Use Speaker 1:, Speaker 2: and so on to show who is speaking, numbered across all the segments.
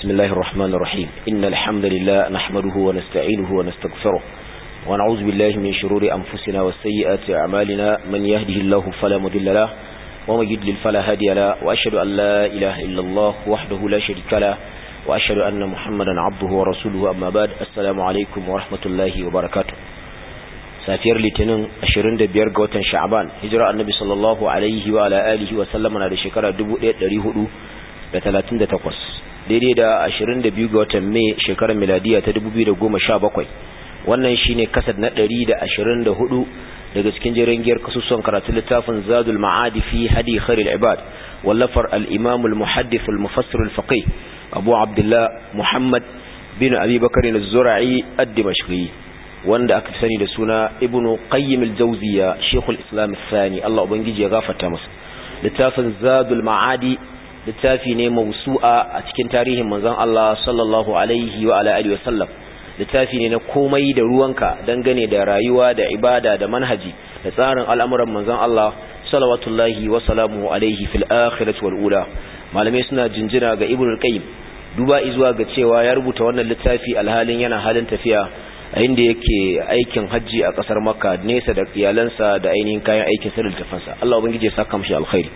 Speaker 1: بسم الله الرحمن الرحيم إن الحمد لله نحمده ونستعينه ونستغفره ونعوذ بالله من شرور أنفسنا والسيئات أعمالنا من يهده الله فلا مذل له ومن يدلل فلا هادي له وأشهد أن لا إله إلا الله وحده لا شريك له وأشهد أن محمدا عبده ورسوله أما بعد السلام عليكم ورحمة الله وبركاته أشرين litinin 25 شعبان هجرة النبي صلى الله عليه وعلى آله وسلم على wa sallama na da shekara 1438 daidai da 22 ga watan mai shekarar miladiya ta 2017 wannan shine kasad na 124 daga cikin jirangiyar kasusuwan karatun littafin zadul ma'adi fi hadi khairul ibad wallafar al-imam al-muhaddith al-mufassir al-faqih abu abdullah muhammad bin abi bakr az-zura'i ad-dimashqi wanda aka sani da suna ibnu qayyim al-jawziya shaykhul islam al Allah ubangiji ya gafarta masa littafin zadul ma'adi littafi ne mausu'a a cikin tarihin manzon Allah sallallahu alaihi wa ala alihi wasallam littafi ne na komai da ruwanka dangane da rayuwa da ibada da manhaji da tsarin al'amuran manzon Allah salawatullahi wa salamu alaihi fil akhirati wal ula malamai suna jinjira ga ibnu qayyim duba izuwa ga cewa ya rubuta wannan littafi alhalin yana halin tafiya a inda yake aikin hajji a kasar makka nesa da iyalansa da ainihin kayan aikin sa da Allah ubangiji ya saka mishi alkhairi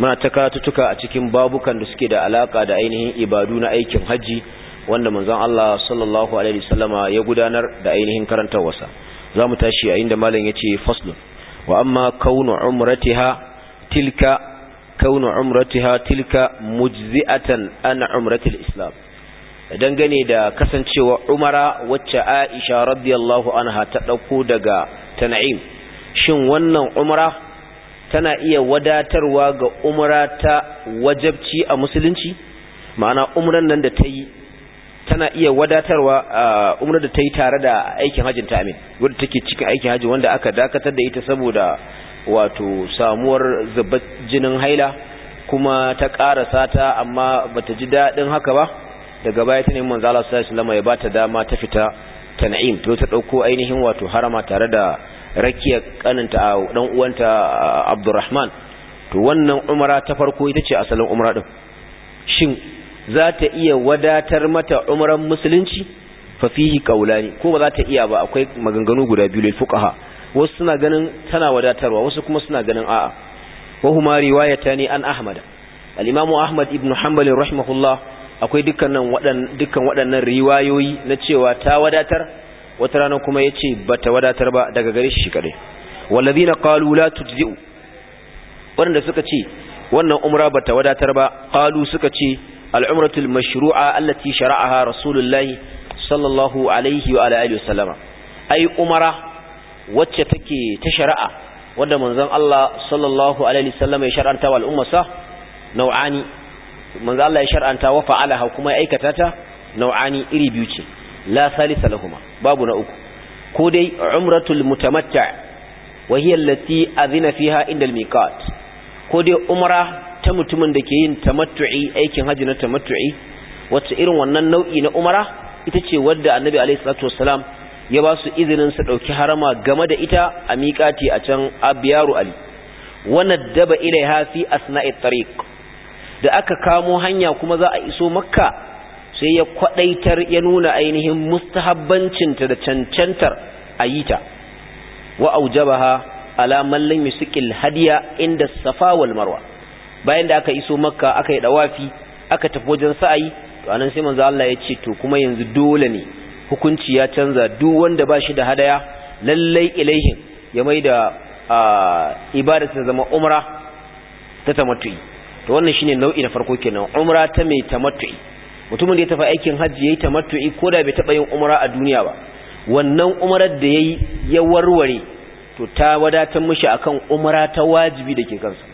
Speaker 1: muna ta karatuttuka a cikin babukan da suke da alaka da ainihin ibadu na aikin haji wanda manzon Allah sallallahu alaihi wasallama ya gudanar da ainihin karantawarsa zamu tashi a inda malam yace faslun wa amma kaunu umratiha tilka kaunu umratiha tilka mujzi'atan an umratil islam dangane da kasancewa umara wacce Aisha radiyallahu anha ta dauko daga Tan'im shin wannan umara tana iya wadatarwa ga umra ta wajabci a musulunci ma'ana umran nan da ta yi tana iya wadatarwa umrar da ta yi tare da aikin hajji ta amin wadda take cikin aikin hajji wanda aka dakatar da ita saboda wato samuwar zubar jinin haila kuma ta ƙara sata amma ba ta ji daɗin haka ba daga baya ta neman zala su sallallahu alaihi wasallam ya bata dama ta fita ta na'im to ta ɗauko ainihin wato harama tare da rakiya kaninta dan uwanta Abdurrahman to wannan umara ta farko ita ce asalin umara din shin za ta iya wadatar mata umran musulunci fa fihi kaulani ko ba za ta iya ba akwai maganganu guda biyu lil fuqaha wasu suna ganin tana wadatarwa wasu kuma suna ganin a'a wa huma riwayatani an ahmad al-imamu ahmad ibn hanbal rahimahullah akwai dukkanin wadannan dukkan waɗannan riwayoyi na cewa ta wadatar wata rana kuma ya ce ba ta wadatar ba daga gare shi kaɗai wallazi na ƙalu la tujzi'u waɗanda suka ce wannan umra ba ta wadatar ba ƙalu suka ce al'umratul mashru'a allati shara'aha rasulullahi sallallahu alaihi wa alihi wasallama ai umara wacce take ta shari'a wanda manzon Allah sallallahu alaihi wasallama ya shar'anta wa al'ummarsa nau'ani manzon Allah ya shar'anta wa fa'alaha kuma ya aikata ta nau'ani iri biyu ce la salisa lahuma babu na uku ko dai umratul mutamatta wa hiya allati azina inda al ko dai umra ta mutumin da ke yin tamattu'i aikin haji na tamattu'i wace irin wannan nau'i na umara itace wadda annabi alaihi salatu wassalam ya ba su izinin su dauki harama game da ita a miƙati a can abiyaru ali wannan daba hafi fi asna'it tariq da aka kamo hanya kuma za a iso makka sai ya kwadaitar ya nuna ainihin mustahabbancinta da cancantar ayita wa aujabaha ala man lam yusikil hadiya inda safa wal marwa bayan da aka iso makka aka yi dawafi aka tafi wajen sa'ayi to anan sai manzo Allah ya ce to kuma yanzu dole ne hukunci ya canza duk wanda ba shi da hadaya lallai ilaihin ya mai da ibada ta zama umra ta tamattu'i to wannan shine nau'i na farko kenan umra ta mai tamatu'i mutumin da ya tafi aikin hajji yayi tamattu'i ko da bai taɓa yin umara a duniya ba wannan umarar da yayi ya warware to ta wadatar mishi akan umara ta wajibi da ke kansa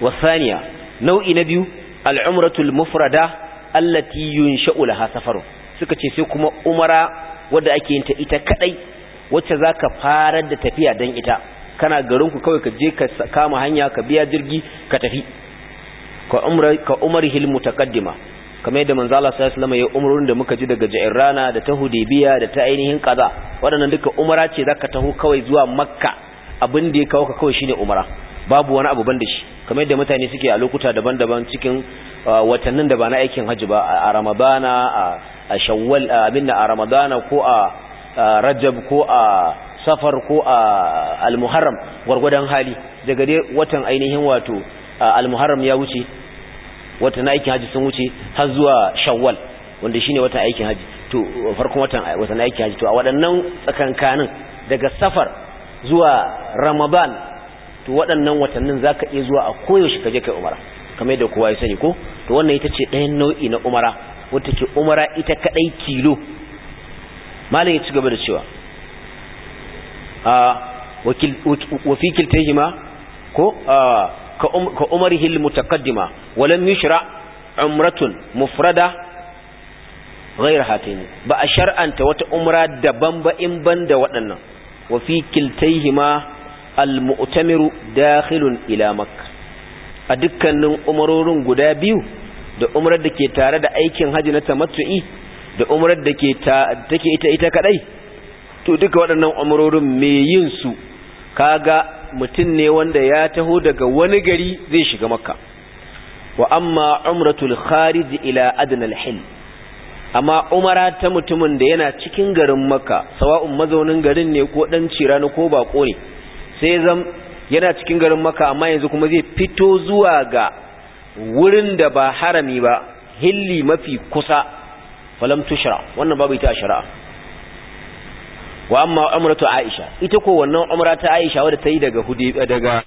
Speaker 1: wasaniya nau'i na biyu al-umratul mufrada allati yunsha'u laha safaru suka ce sai kuma umara wadda ake yin ta ita kadai wacce zaka fara da tafiya dan ita kana garin ku kawai ka je ka kama hanya ka biya jirgi ka tafi ka umar ka ta mutaqaddima kamar yadda manzo Allah sallallahu alaihi wasallam ya umurun da muka ji daga rana da ta Hudaybiya da ta ainihin Qaza wadannan duka umara ce zaka taho kawai zuwa Makka abin da ya kawo ka kawai shine umara babu wani abu ban da shi kamar yadda mutane suke a lokuta daban-daban cikin uh, watannin da ba na aikin hajji ba a Ramadana a Shawwal abin da a Ramadana ko a Rajab ko a Safar ko a Al-Muharram gwargwadon hali daga dai watan ainihin wato Al-Muharram ya wuce wata na aikin haji sun wuce har zuwa shawwal wanda shine wata aikin haji to farkon watan wata aikin haji to a waɗannan tsakankanin daga safar zuwa ramadan to waɗannan watannin zaka iya zuwa a koyaushe ka je kai umara kamar yadda kowa ya sani ko to wannan ita ce ɗayan nau'i na umara wata ke umara ita kaɗai kilo malam ya ci gaba da cewa a ah, wakil wafi kiltahima ko a ah, Um, ka umarihi almutaqaddima wa lam yushra umratun mufrada ghayr hatin ba a shar'anta wata umra daban ba in banda waɗannan wa fi kiltayhima almu'tamiru dakhilun ila makkah a dukkanin umarorin guda biyu da umrar da ke tare da aikin haji na tamattu'i da umrar da ke take ita ita kadai to duka waɗannan umarorin me yin su kaga mutum ne wanda ya taho daga wani gari zai shiga makka wa amma umratul kharij ila adnal hil amma umara ta mutumin da yana cikin garin makka sawa'un mazaunin garin ne ko dan ne ko bako ne sai zan yana cikin garin makka amma yanzu kuma zai fito zuwa ga wurin da ba harami ba hilli mafi kusa falam tushra wannan babu ita shari'a wa amma umratu aisha ita ko wannan umra aisha wadda ta yi daga daga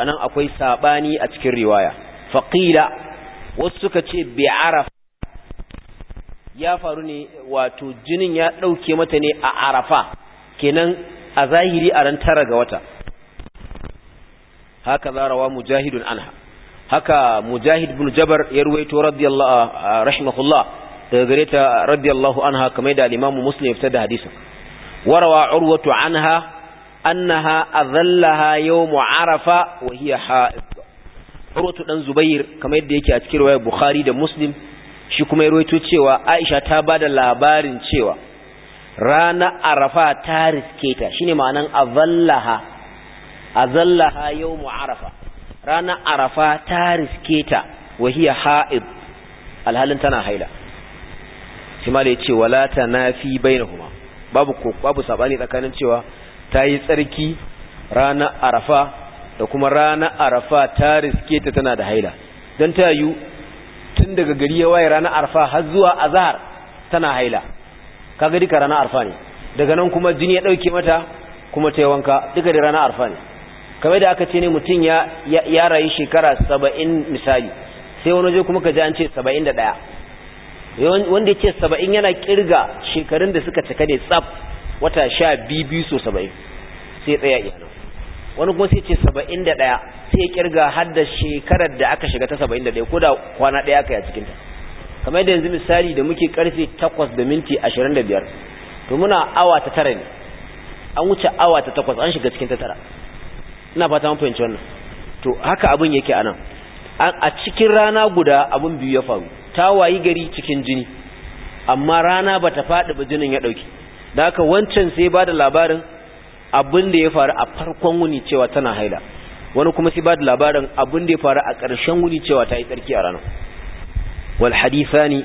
Speaker 1: anan akwai sabani a cikin riwaya faqila wasu suka ce bi arafa ya faru ne wato jinin ya dauke mata ne a arafa kenan a zahiri a ran tara ga wata haka zarawa mujahidun anha haka mujahid bin jabar ya ruwaito radiyallahu rahimahullah daga gare ta radiyallahu anha kamar da al-imamu muslim ya fitar da hadisin warawa urwatu anha annaha azallaha yawmu arafa wa hiya ha'id Urwatu dan Zubair kamar yadda yake a cikin riwayar Bukhari da Muslim shi kuma ya rawaito cewa Aisha ta bada labarin cewa rana Arafa ta riske ta shine ma'anan azallaha azallaha yawmu arafa rana Arafa ta riske ta wa hiya ha'id alhalin tana haila shi ma da yace wala tanafi bainahuma babu ko babu sabani tsakanin cewa ta yi tsarki ranar arafa da kuma ranar arafa ta riske ta tana da haila don ta yi tun daga gari ya waye ranar arafa har zuwa azahar tana haila ka ga ka ranar arafa ne daga nan kuma jini ya ɗauke mata kuma ta yi wanka duka da ranar arafa ne kamar da aka ce ne mutum ya, ya, rayu shekara saba'in misali sai wani waje kuma ka ji an ce saba'in da ɗaya wanda ya ce saba'in yana kirga shekarun da suka cika ne tsaf wata sha biyu biyu so saba'in sai tsaya iya wani kuma sai ce saba'in da ɗaya sai kirga har da shekarar da aka shiga ta saba'in da ɗaya ko da kwana ɗaya aka yi a cikinta kamar yadda yanzu misali da muke karfe takwas da minti ashirin da biyar to muna awa ta tara ne an wuce awa ta takwas an shiga cikin ta tara ina fata mun fahimci wannan to haka abin yake a nan a cikin rana guda abin biyu ya faru ta wayi gari cikin jini amma rana bata faɗi ba jinin ya ɗauki da haka wancan sai ba da labarin abin da ya faru a farkon wuni cewa tana haila wani kuma sai ba da labarin abin da ya faru a ƙarshen wuni cewa ta yi tsarki a ranar wal sahiha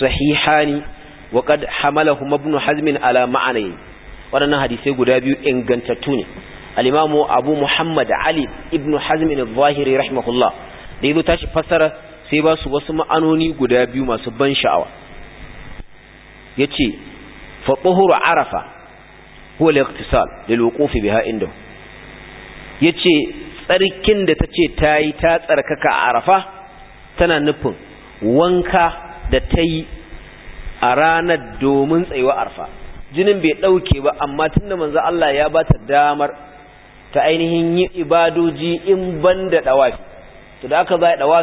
Speaker 1: sahihani wa hamala hamalahu bin Hazmin ala ma'anai waɗannan hadisai guda biyu ingantattu ne alimamu abu muhammad ali ibn Hazmin zahiri rahimahullah da yazo tashi fassara sai ba su wasu ma'anoni guda biyu masu ban sha'awa ya ce. فطهر عرفة هو الاغتسال للوقوف بها عنده yace tsarkin da tace tayi ta tsarkaka arafa tana nufin wanka da tayi a ranar domin tsayuwa arfa jinin bai ɗauke ba amma tunda manza Allah ya bata damar ta ainihin yi ibadoji in banda dawafi to da aka za dawa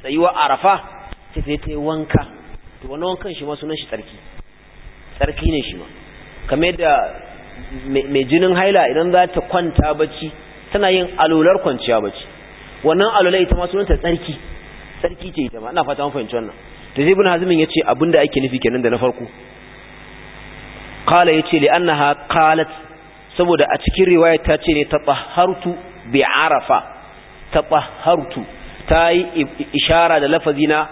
Speaker 1: tsayuwa arafa sai ta wanka to wannan wankan shi ma sunan shi tsarki tsarki ne shi ma kamar da mai jinin haila idan za ta kwanta bacci tana yin alular kwanciya bacci wannan alular ita masu sunanta tsarki tsarki ce ita ma ina fata mun wannan da zai ya ce yace abinda ake nufi kenan da na farko ya ce li annaha kalat saboda a cikin riwaya ta ce ne taɓa hartu bi arafa hartu ta yi ishara da lafazi na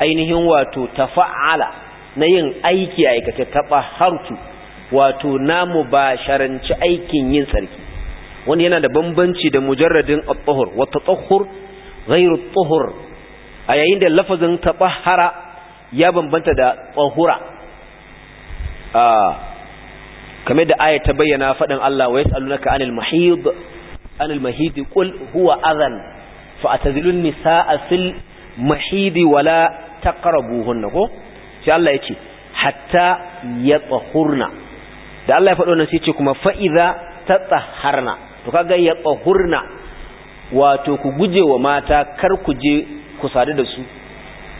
Speaker 1: ainihin wato ta tafa'ala na yin aiki a aikace taɓa hartu wato namu ba sharanci aikin yin sarki. wani yana da bambanci da mujarradin al tahur wa tatahhur ghairu at a yayin da lafazin tabahara ya bambanta da tahura ah kamar da aya ta bayyana faɗin Allah wa yas'alunaka anil mahid anil mahid qul huwa azan fa atazilun nisaa fil mahid wala taqrabuhunna ko sai Allah ya ce hatta ya tsahurna da Allah ya faɗo nan sai ce kuma fa'iza ta tsaharna to kaga ya tsahurna wato ku guje wa mata kar ku je ku sadu da su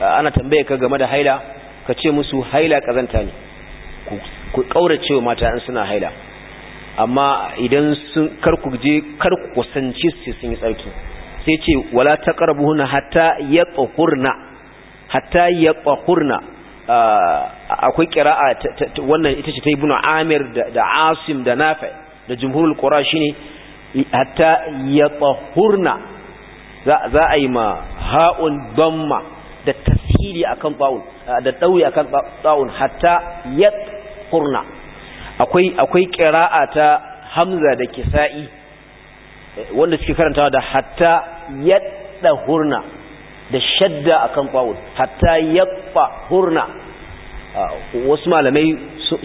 Speaker 1: ana tambaye ka game da haila ka ce musu haila kazanta ne ku kaurace wa mata in suna haila amma idan sun kar ku je kar ku kusance su sun yi tsarki sai ce wala taqrabuhunna hatta ya tsahurna hatta ya tsahurna. akwai kira'a wannan ita ce ta ibnu amir da asim da nafe da jumhurul shi ne, hatta yatahurna za a yi ma ha'un damma da tasiri kan ba'un da a kan ba'un hatta ya akwai akwai kira'a ta hamza da kisa'i wanda suke karantawa da hatta hurna da shadda kan ba'un hatta ya yaffa hurna ah, wasu malamai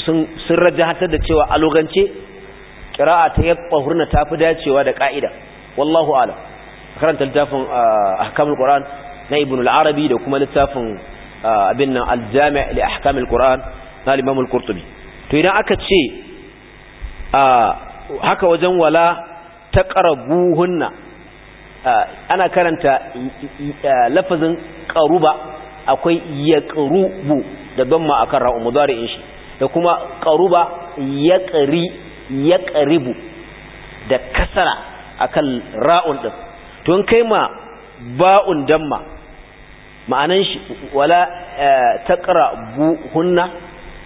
Speaker 1: sun rajahatar da cewa a logance kira'a ta yaffa hurna ta fi dacewa da ka'ida wallahu alam karanta littafin ah, ahkamul qur'an na ibn al-arabi da kuma littafin ah, abin nan al-jami' li ahkamul qur'an na imam al-qurtubi to idan aka ce haka wajen wala taqrabuhunna ana karanta lafazin qaruba akwai yaqrubu da damma akan ra'u mudari'in shi da kuma qaruba yaqri yaqribu da kasara akan ra'un ɗin to kai ma ba'un damma ma'anan shi wala eh, taqrabu hunna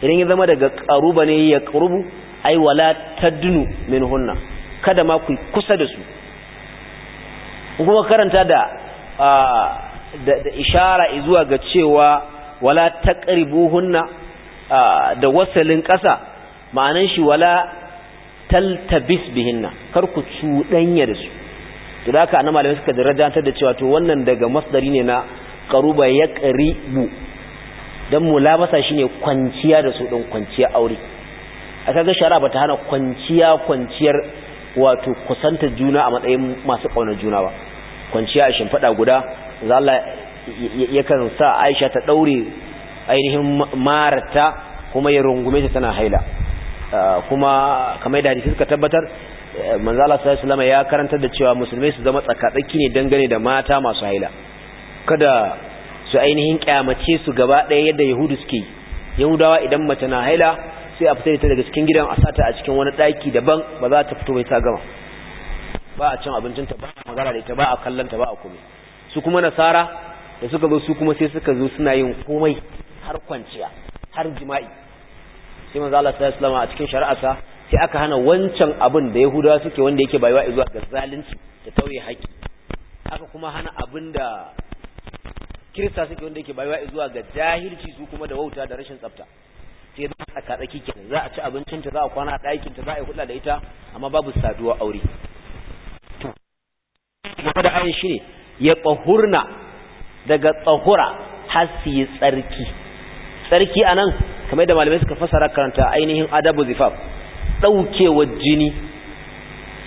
Speaker 1: idan ya zama daga ƙaruba ne ya ƙarubu ai wala tadnu min hunna kada ma ku kusa da su kuma karanta da ah, da ishara zuwa ga cewa wala taqribuhunna da wasalin ƙasa ma'anan shi wala taltabis bihinna kar ku cuɗanya da su to da ka annabi malamai suka darajantar da cewa to wannan daga masdari ne na qaruba yaqribu dan mulabasa shine kwanciya da su ɗin kwanciya aure A ga shara bata hana kwanciya kwanciyar wato kusanta juna a matsayin masu kauna juna ba kwanciya a shimfada guda Allah yakan sa Aisha ta daure ainihin marata kuma ya rungume ta tana haila ah, kuma kamar da hadisi suka tabbatar eh, manzo Allah sallallahu alaihi wasallam ya karantar da cewa musulmai su zama tsakatsaki ne dangane da mata masu haila kada su ainihin kyamace su gaba ɗaya yadda yahudu suke yahudawa idan mace na haila sai a fitar ta daga cikin gidan a sata a cikin wani daki daban ba za ta fito bai ta gama ba a cin abincinta ba a magana da ita ba a ta ba a kome su kuma nasara da suka zo su kuma sai suka zo suna yin komai har kwanciya har jima'i sai manzo Allah sallallahu alaihi a cikin shari'arsa sai aka hana wancan abin da Yahudawa suke wanda yake bayuwa zuwa ga zalunci da tauye haƙi aka kuma hana abin da Kirista suke wanda yake bayuwa zuwa ga jahilci su kuma da wauta da rashin tsafta sai za a tsaka tsaki kenan za a ci abincin ta za a kwana a ɗakin ta za a yi hulɗa da ita amma babu saduwa aure to game da ayin ne. ya ƙahurna daga tsahura har su yi tsarki tsarki a nan kamar da malamai suka fasara karanta ainihin adabu zifaf ɗaukewar jini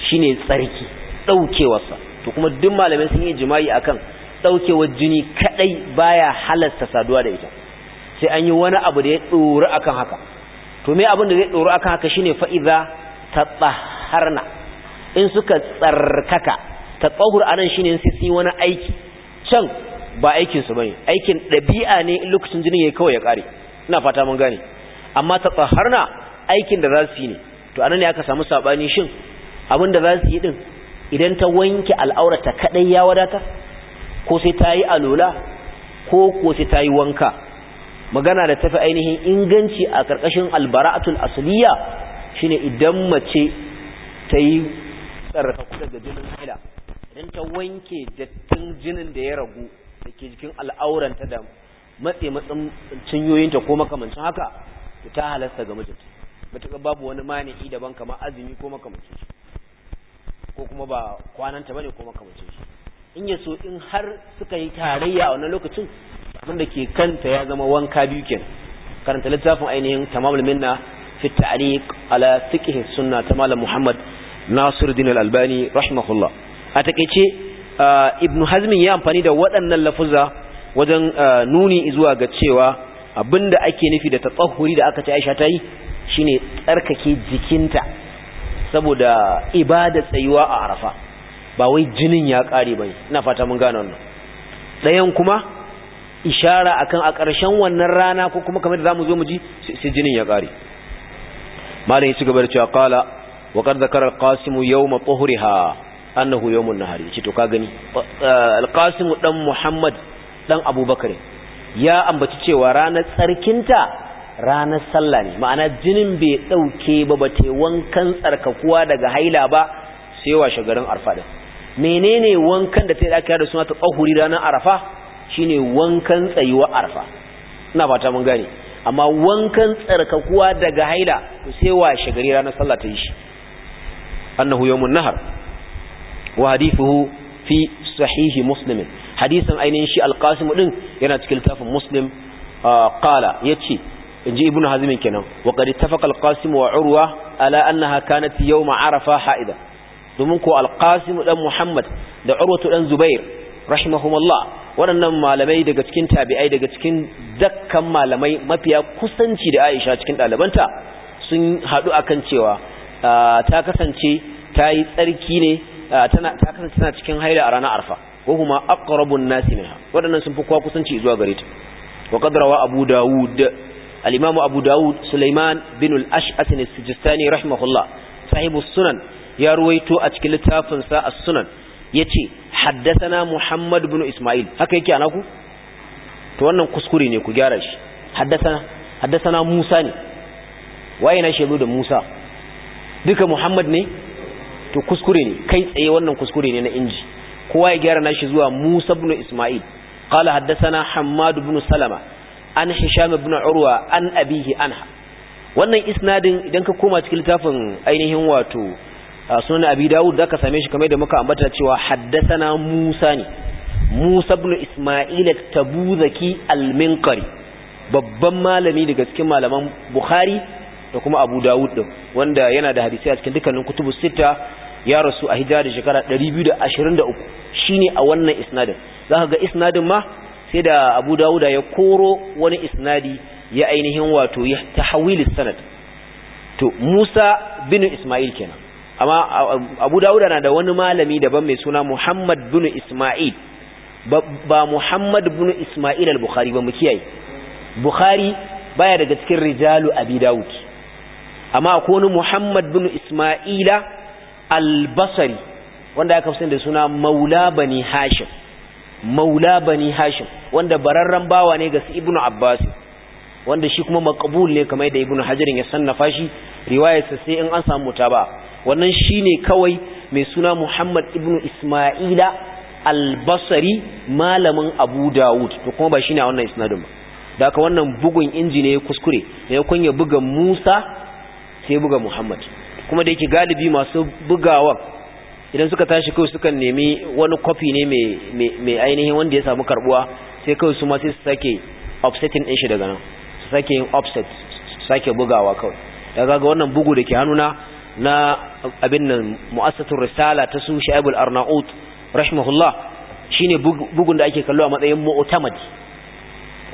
Speaker 1: shi ne tsarki ɗaukewarsa to kuma duk malamai sun yi jima'i akan ɗaukewar jini kaɗai baya halasta saduwa da ita sai an yi wani abu da ya a akan haka to me abin da zai a akan haka shi ne fa'iza ta tsaharna in suka tsarkaka tatsahur anan shine sai sun wani aiki can ba aikin su bane aikin dabi'a ne in lokacin jinin yayi kawai ya kare ina fata mun gane amma tatsaharna aikin da za yi ne to anan ne aka samu sabani shin abin da za su yi din idan ta wanke al'aurata kadai ya wadata ko sai ta yi alola ko ko sai ta yi wanka magana da tafi ainihin inganci a karkashin albara'atul asliya shine idan mace ta yi tsarkaku daga jinin haila idan ta wanke dattin jinin da ya ragu da ke jikin al'auranta da matse matsin cinyoyinta ko makamancin haka to ta halasta ga mijinta matuƙa babu wani mani'i daban kamar azumi ko makamancin ko kuma ba kwananta bane ko makamancin shi in ya so in har suka yi tarayya a wannan lokacin abin ke kanta ya zama wanka biyu kenan karanta littafin ainihin tamamul minna fi ta'liq ala fiqh sunna ta malam Muhammad Nasiruddin Al-Albani rahimahullah a takaice uh, ibn hazmin ya amfani da waɗannan lafuza wajen uh, nuni zuwa ga cewa abinda ake nufi da tatsahuri da aka ce aisha ta yi shine tsarkake jikinta saboda ibada tsayuwa a arafa ba wai jinin ya kare bai ina fata mun gano wannan ɗayan kuma ishara akan a ƙarshen wannan rana ko kuma kamar da zamu zo mu ji sai jinin ya kare Malami ya ci gaba da cewa qala wa qad zakara al-qasim yawma tuhriha annahu yawmun nahar yace to ka gani uh, alqasim dan muhammad dan abubakar ya ambaci cewa ranar tsarkinta ranar sallah ne ma'ana jinin bai dauke ba bate wankan tsarkakuwa daga haila ba sai wa shagarin arfa din menene wankan da ta da aka da suna ta tsahuri ranar arfa shine wankan tsayuwa arfa ina fata mun gane amma wankan tsarkakuwa daga haila sai wa shagari ranar sallah ta yi shi annahu yawmun nahar wa hadithuhu fi sahihi muslim hadisin ainihin shi alqasim yana cikin littafin muslim ah, qala yace inji ibnu hazim kenan wa qad ittafaqa alqasim wa urwa ala annaha kanat yawm arafa haida domin ko alqasim dan muhammad da urwatu dan zubair rahimahumullah waɗannan malamai daga cikin tabi'ai daga cikin dakkan malamai mafiya kusanci da Aisha cikin ɗalibanta sun haɗu akan cewa ah, ta kasance ta yi tsarki ne tana ta kasance tana cikin haila a ranar arfa ko kuma aqrabun nasi minha wadannan sun fi kowa kusanci zuwa gare ta wa abu daud al-imam abu daud sulaiman bin al-ash'ath as-sijistani rahimahullah sahibu sunan ya ruwaito a cikin littafin sa as-sunan yace haddathana muhammad bin isma'il haka yake anaku to wannan kuskure ne ku gyara shi haddathana haddathana musa ne waye na shebu da musa duka muhammad ne to kuskure ne kai tsaye wannan kuskure ne na inji kowa ya gyara nashi zuwa Musa ibn Isma'il qala haddathana Hammad ibn Salama an Hisham ibn Urwa an abihi anha wannan isnadin idan ka koma cikin littafin ainihin wato sunan Abi Dawud zaka same shi kamar da muka ambata cewa haddathana Musa ne Musa ibn Isma'il at-Tabuzaki al-Minqari babban malami daga cikin malaman Bukhari da kuma Abu Dawud din wanda yana da hadisi a cikin dukkanin kutubus sita ya rasu a hijira da shekara 223 shine a wannan isnadin zaka ga isnadin ma sai da Abu Dawuda ya koro wani isnadi ya ainihin wato ya tahawil sanad to Musa bin Isma'il kenan amma Abu Dawuda na da wani malami daban mai suna Muhammad bin Isma'il ba Muhammad bin Isma'il al-Bukhari ba mu kiyaye Bukhari baya daga cikin rijalu Abi Dawud amma akwai Muhammad bin Isma'ila albasari wanda aka fi da suna maula bani hashim maula bani hashim wanda bararren bawa ne ga su ibnu abbas wanda shi kuma maqbul ne kamar da ibnu hajarin ya sannafa shi riwayarsa sai in an samu ba, wannan shine kawai mai suna muhammad ibnu isma'ila albasari malamin abu dawud to kuma ba shine a wannan isnadin ba da haka wannan bugun injine kuskure ne kun ya buga musa sai buga muhammad kuma da yake galibi masu bugawa idan suka tashi kawai suka nemi wani kwafi ne mai ainihin wanda ya samu karbuwa sai kawai su masu sake offsetting din shi daga nan su sake yin offset su sake bugawa kawai daga ga wannan bugu da ke hannuna na abin nan mu'assatun risala ta su sha'ibul arnaut rahimahullah shine bugun da ake kallo a matsayin mu'tamad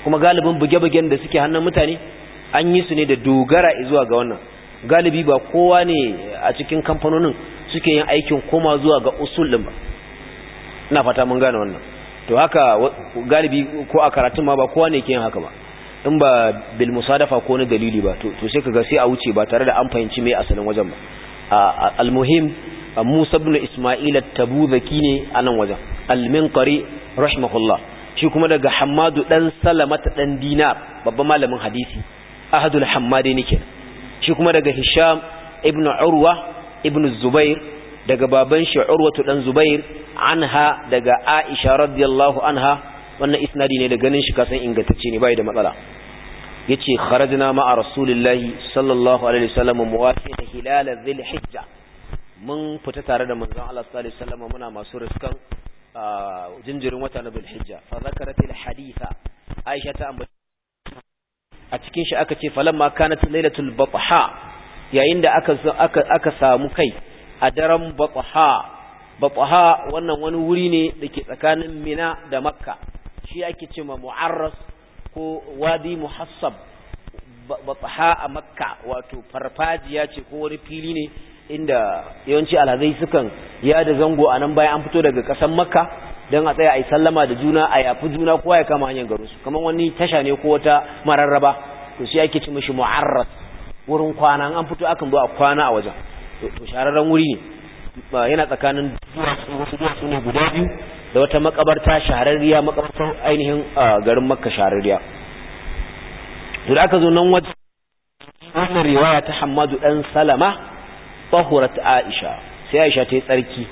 Speaker 1: kuma galibin buge-bugen da suke hannun mutane an yi su ne da dogara zuwa ga wannan galibi ba kowa ne a cikin kamfanonin suke yin aikin koma zuwa ga usul din ba ina fata mun gane wannan to haka galibi ko a karatun ma ba kowa ne ke yin haka ba in ba bil musadafa ko na dalili ba to sai kaga sai a wuce ba tare da an fahimci mai asalin wajen ba al muhim Musa ibn Isma'il at-Tabuzaki ne a nan wajen al-Minqari rahimahullah shi kuma daga Hammadu dan Salamata dan Dinar babban malamin hadisi ahadul Hammadi ne kenan shi kuma daga hisham ibn urwa ibn zubair daga baban shi urwatu dan zubair anha daga aisha radiyallahu anha wannan isnadi ne da ganin shi kasan ingantacce ne bai da matsala yace kharajna ma'a rasulillahi sallallahu alaihi wasallam muwafiqa hilal dhil mun fita tare da manzon Allah sallallahu alaihi wasallam muna masu riskan ah, jinjirin wata na dhil hijja fa zakarat haditha aisha ta ambata a cikin shi aka ce falamma kanat lailatul batha yayin da aka aka samu kai a daren batha batha wannan wani wuri ne dake tsakanin mina da makka shi ake ce ma mu'arras ko wadi muhassab batha a makka wato farfajiya ce ko wani fili ne inda yawanci alhazai sukan yada zango a nan bayan an fito daga ƙasar makka don a tsaya a yi sallama da juna a yafi juna kowa ya kama hanyar garinsu kamar wani tasha ne ko wata mararraba to shi ake ci mishi mu'arras wurin kwana an fito akan zo a kwana a wajen to shahararren wuri ne yana tsakanin wasu duwatsu ne guda biyu da wata makabarta shahararriya makabartar ainihin garin makka shahararriya to da aka zo nan wata wannan riwaya ta hammadu dan salama tahurat aisha sai aisha ta yi tsarki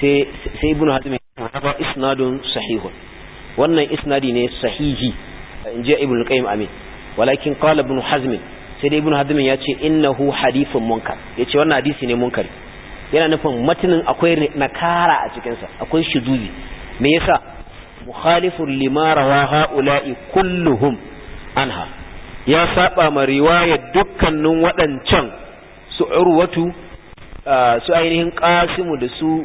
Speaker 1: sai ibnu hazmi هذا isnadun sahihun wannan isnadi ne sahihi in ji ibn qayyim amin walakin qala ibn hazm sai dai ibn hazm ya ce innahu hadithun munkar wannan hadisi ne munkari yana nufin matanin akwai nakara a cikinsa akwai shuduyi me yasa mukhalifun lima rawa haula'i kulluhum anha ya saba ma riwayar dukkanin waɗancan su urwatu ah, su ainihin Kasimu da su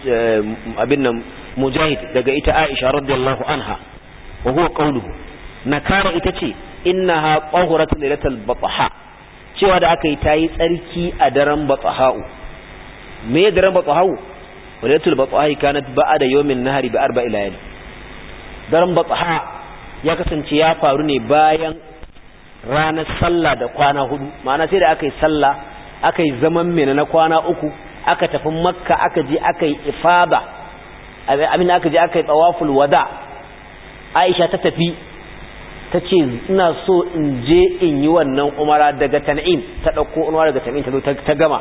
Speaker 1: Eh, abin nan mujahid daga ita aisha radiyallahu anha wa huwa qawluhu nakara ita ce innaha qahurat lilatal bataha cewa da aka yi tayi tsarki a daren hau. me daren batha'u lilatal batha kanat ba'da yawmin nahari bi ila layali daren bataha ya kasance ya faru ne bayan ranar sallah da kwana hudu ma'ana sai da aka yi sallah aka yi zaman mena na kwana uku aka tafi makka aka je aka yi ifada amina aka je aka yi tsawaful wada aisha ta tafi ta ce ina so in je in yi wannan umara daga tan'in ta ɗauko umara daga tan'in ta zo ta gama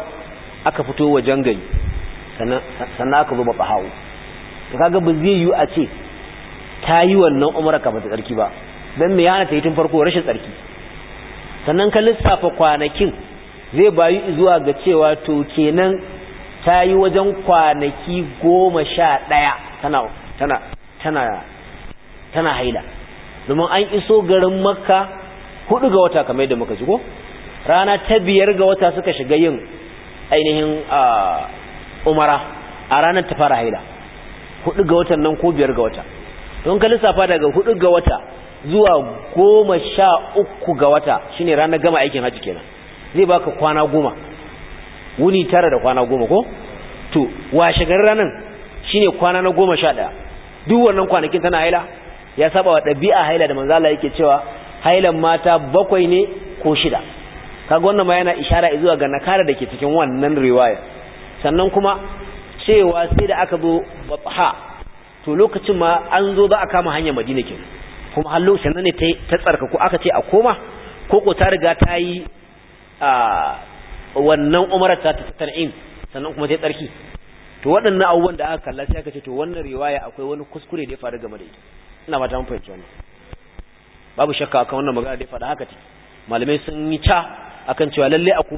Speaker 1: aka fito wajen gari sannan aka zo ba hawo ta kaga ba zai yi a ce ta yi wannan umara kafin ta tsarki ba don me yana ta yi tun farko rashin tsarki sannan ka lissafa kwanakin zai bayu zuwa ga cewa to kenan ta yi wajen kwanaki goma sha ɗaya tana tana tana tana haila domin an iso garin makka hudu ga wata kamar yadda muka ji ko rana ta biyar ga wata suka shiga yin ainihin umara a ranar ta fara haila hudu ga watan nan ko biyar ga wata don ka lissafa daga hudu ga wata zuwa goma sha uku ga wata shine ranar gama aikin hajji kenan zai baka kwana goma wuni tara da kwana goma ko to washe garin ranar shine kwana na goma sha ɗaya duk wannan kwanakin tana haila ya saba wa ɗabi'a haila da manzo Allah yake cewa hailan mata bakwai ne ko shida kaga wannan ma yana ishara zuwa ga nakara da ke cikin wannan riwaya sannan kuma cewa sai da aka zo ha to lokacin ma an zo za a kama hanyar madina ke kuma hallo, sannan ne ta tsarkaku aka ce a koma ko ko ta riga ta yi ah, wannan umarar ta tan'im sannan kuma sai tsarki to waɗannan abubuwan da aka kalla sai aka ce to wannan riwaya akwai wani kuskure da ya faru game da ita ina fata mun fahimci wannan babu shakka akan wannan magana da ya faɗa haka ce malamai sun yi ca akan cewa lalle akwai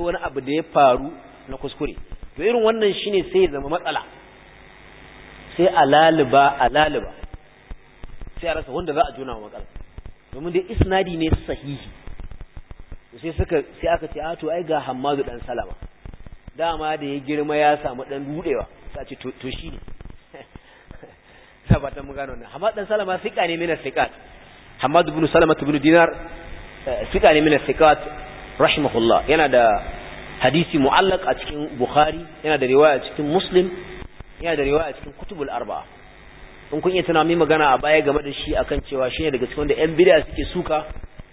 Speaker 1: wani abu da ya faru na kuskure to irin wannan shine sai ya zama matsala sai a laliba a laliba sai a rasa wanda za a jona wa matsala domin dai isnadi ne sahihi sai suka sai aka ce a ah, to ai ga Hammadu dan Salama dama da ya girma ya samu dan budewa sai ce to to shi ne sabatan mu gano nan Hammadu dan Salama fika ne mina fikat Hammadu ibn Salama ibn Dinar fika eh, ne mina fikat rahimahullah yana da hadisi mu'allaq a cikin Bukhari yana da riwaya a cikin Muslim yana da riwaya a cikin Kutubul Arba'a in kun iya mai magana a baya game da shi akan cewa shi ne daga cikin wanda 'yan bid'a suke suka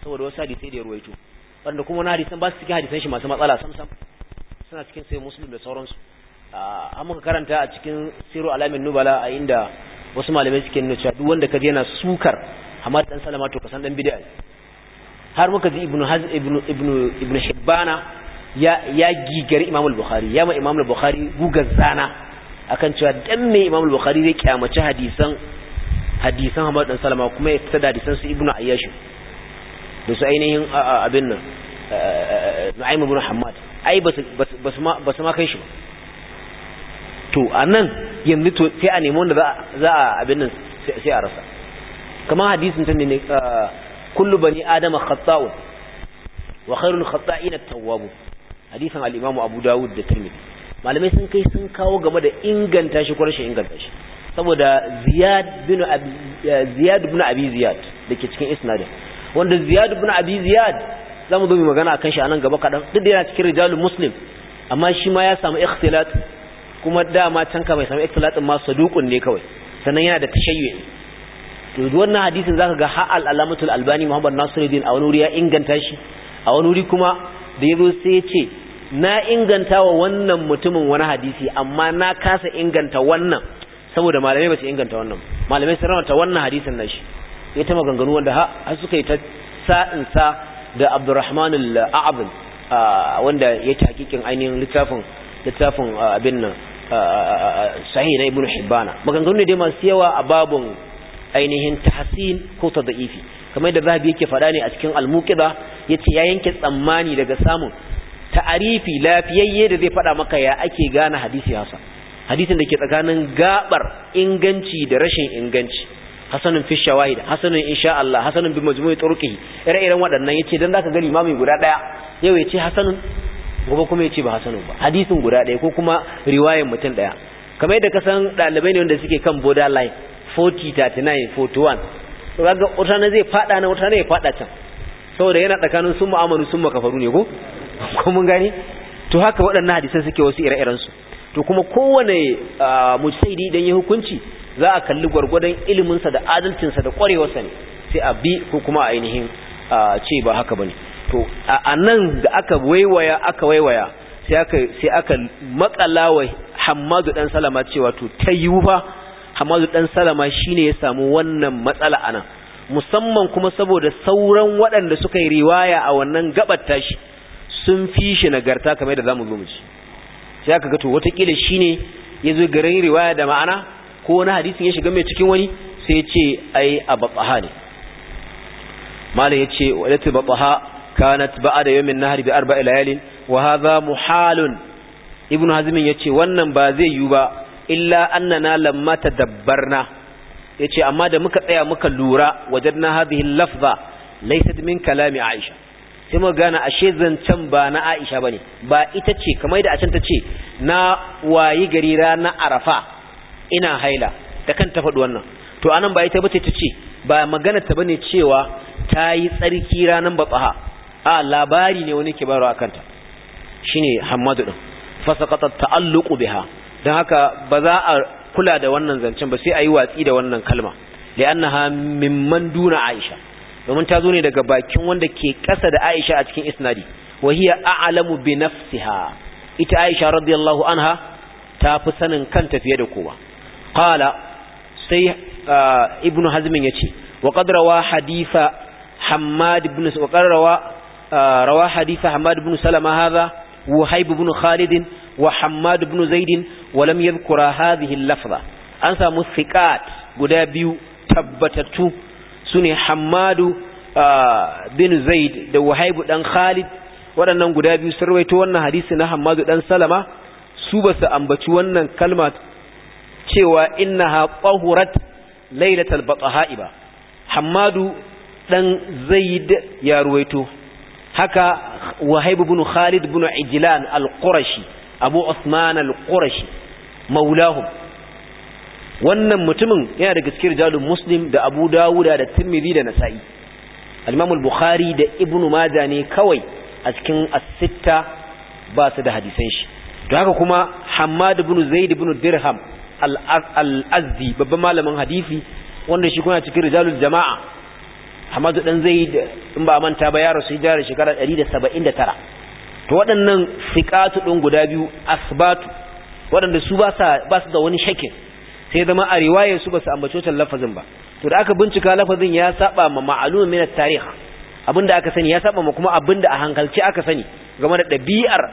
Speaker 1: saboda wasu sai da ya ruwaito wanda kuma na hadisan ba su cikin hadisan shi masu matsala samsam suna cikin sai muslim da sauransu an muka karanta a cikin siru alamin nubala a inda wasu malamai suke nuna cewa duk wanda ka je yana sukar hamad dan Salama to kasan dan bid'a har muka ji ibnu Haz ibnu Ibnu Ibnu shibbana ya ya gigari Imam al-Bukhari ya ma Imam al-Bukhari gugar zana akan cewa dan me Imam al-Bukhari zai kiyamaci hadisan hadisan hamad dan Salama kuma ya fita da hadisan su Ibnu Ayyashu da su ainihin abin nan na'im ibn Hammad ai ba su ma kai shi ba to anan yanzu to sai a nemi wanda za a abin nan sai a rasa kamar hadisin ta ne kullu bani adama khata'un wa khairul khata'ina at-tawwab hadisin al-imamu Abu Dawud da Tirmidhi malamai sun kai sun kawo game da inganta shi ko rashin inganta shi saboda Ziyad bin Ziyad bin Abi Ziyad dake cikin isnadin wanda ziyad ibn abi ziyad zamu zo mu magana akan shi anan gaba kadan duk da yana cikin rijalul muslim amma shi ma ya samu ikhtilat kuma dama can ka bai samu ikhtilat ma saduqun ne kawai sannan yana da tashayyu to wannan hadisin zaka ga ha'al alamatul albani muhammad nasiruddin a wani wuri ya inganta shi a wani wuri kuma da yazo sai ya ce na inganta wa wannan mutumin wani hadisi amma na kasa inganta wannan saboda malamai ba su inganta wannan malamai sun rawata wannan hadisin nashi ya ta maganganu wanda har suka yi ta sa'insa da abdurrahman al'abin wanda ya ta hakikin ainihin littafin littafin abin nan sahih na ibnu hibbana maganganu ne dai masu yawa a babun ainihin tahsin ko ta da'ifi kamar da zahabi yake faɗa ne a cikin al-muqida yace ya yanke tsammani daga samun ta'arifi lafiyayye da zai faɗa maka ya ake gane hadisi hasa hadisin da ke tsakanin gabar inganci da rashin inganci hasanun fi shawahid hasanun insha Allah hasanun bi majmu'i turqi ire-iren waɗannan yace dan zaka ga imami guda daya yau yace hasanun gobe kuma yace ba hasanun ba hadisin guda daya ko kuma riwayar mutum daya kamar yadda ka san dalibai ne wanda suke kan borderline 40 39 41 to kaga wata ne zai fada na wata ne ya fada can saboda yana tsakanin sun mu'amalu sun makafaru ne ko ko mun gane to haka waɗannan hadisan suke wasu ire-iren su to kuma kowane ah, mujtahidi dan ya hukunci za a kalli gwargwadon iliminsa da adalcinsa da ƙwarewarsa ne sai a bi ko kuma ainihin a ce ba haka ba ne to a nan da aka waiwaya aka waiwaya sai aka makala wa Hamadu dan Salama cewa to ta ba Hamadu dan Salama ne ya samu wannan matsala anan musamman kuma saboda sauran waɗanda suka yi riwaya a wannan gabata shi, sun fi shi nagarta kamar da zamu zo mu ci sai aka ga to watakila shine zo garin riwaya da ma'ana ko wani hadisin ya shiga mai cikin wani sai ce ai ababaha ne malam yace walatu babaha kanat ba'da yawmin na bi arba'i layalin wa hadha muhalun ibn hazm yace wannan ba zai yiwu ba illa annana lamma tadabbarna yace amma da muka tsaya muka lura wajadna hadhihi lafza laysat min kalami aisha sai mu gane ashe zancan ba na aisha bane ba ita ce kamar da a can ta ce na wayi gari rana arafa ina haila da kan ta faɗi wannan to anan ba ita bace ta ce ba magana ta bane cewa ta yi tsarki ranan batsaha a labari ne wani ke baro akanta shine hammadu din fasaqata ta'alluqu biha dan haka ba za a kula da wannan zancen ba sai a yi watsi da wannan kalma li'annaha mimman duna aisha domin ta zo ne daga bakin wanda ke kasa da aisha a cikin isnadi wa hiya a'lamu bi nafsiha ita aisha radiyallahu anha ta fi sanin kanta fiye da kowa qala sai ibnu hazmin ya ce qad rawa haditha hammad ibn wa qad rawa rawa haditha hammad ibn salama hadha وهيب بن خالد وحماد بن زيد ولم يذكر هذه اللفظة أنسى مثقات قدابيو تبتتو سني حماد بن زيد دو وهيب بن خالد waɗannan guda biyu sun rawaito wannan hadisi na Hammadu dan Salama su ba ambaci wannan kalma cewa innaha tahurat lailatal bataha'i ba Hamadu ɗan zaid ya ruwaito haka wahib bin khalid bin Ijilan al-qurashi abu Osman al-qurashi maulahum wannan mutumin yana da cikin rijalun muslim da abu dawuda da tirmidhi da nasa'i al-imam bukhari da ibnu Maja ne kawai a cikin as-sitta ba su da hadisan shi to haka kuma hammad ibn zaid ibn dirham al babban malamin hadisi wanda shi kuna cikin rijalul jama'a hamadu dan zaid in ba manta ba ya rasu hijira shekara 179 to waɗannan siqatu din guda biyu asbatu waɗanda su ba sa ba su da wani shakin sai zama a riwayar su ba su ambaci lafazin ba to da aka bincika lafazin ya saba ma ma'alumin min tarikh abinda aka sani ya saba ma kuma abinda a hankalci aka sani game da ɗabi'ar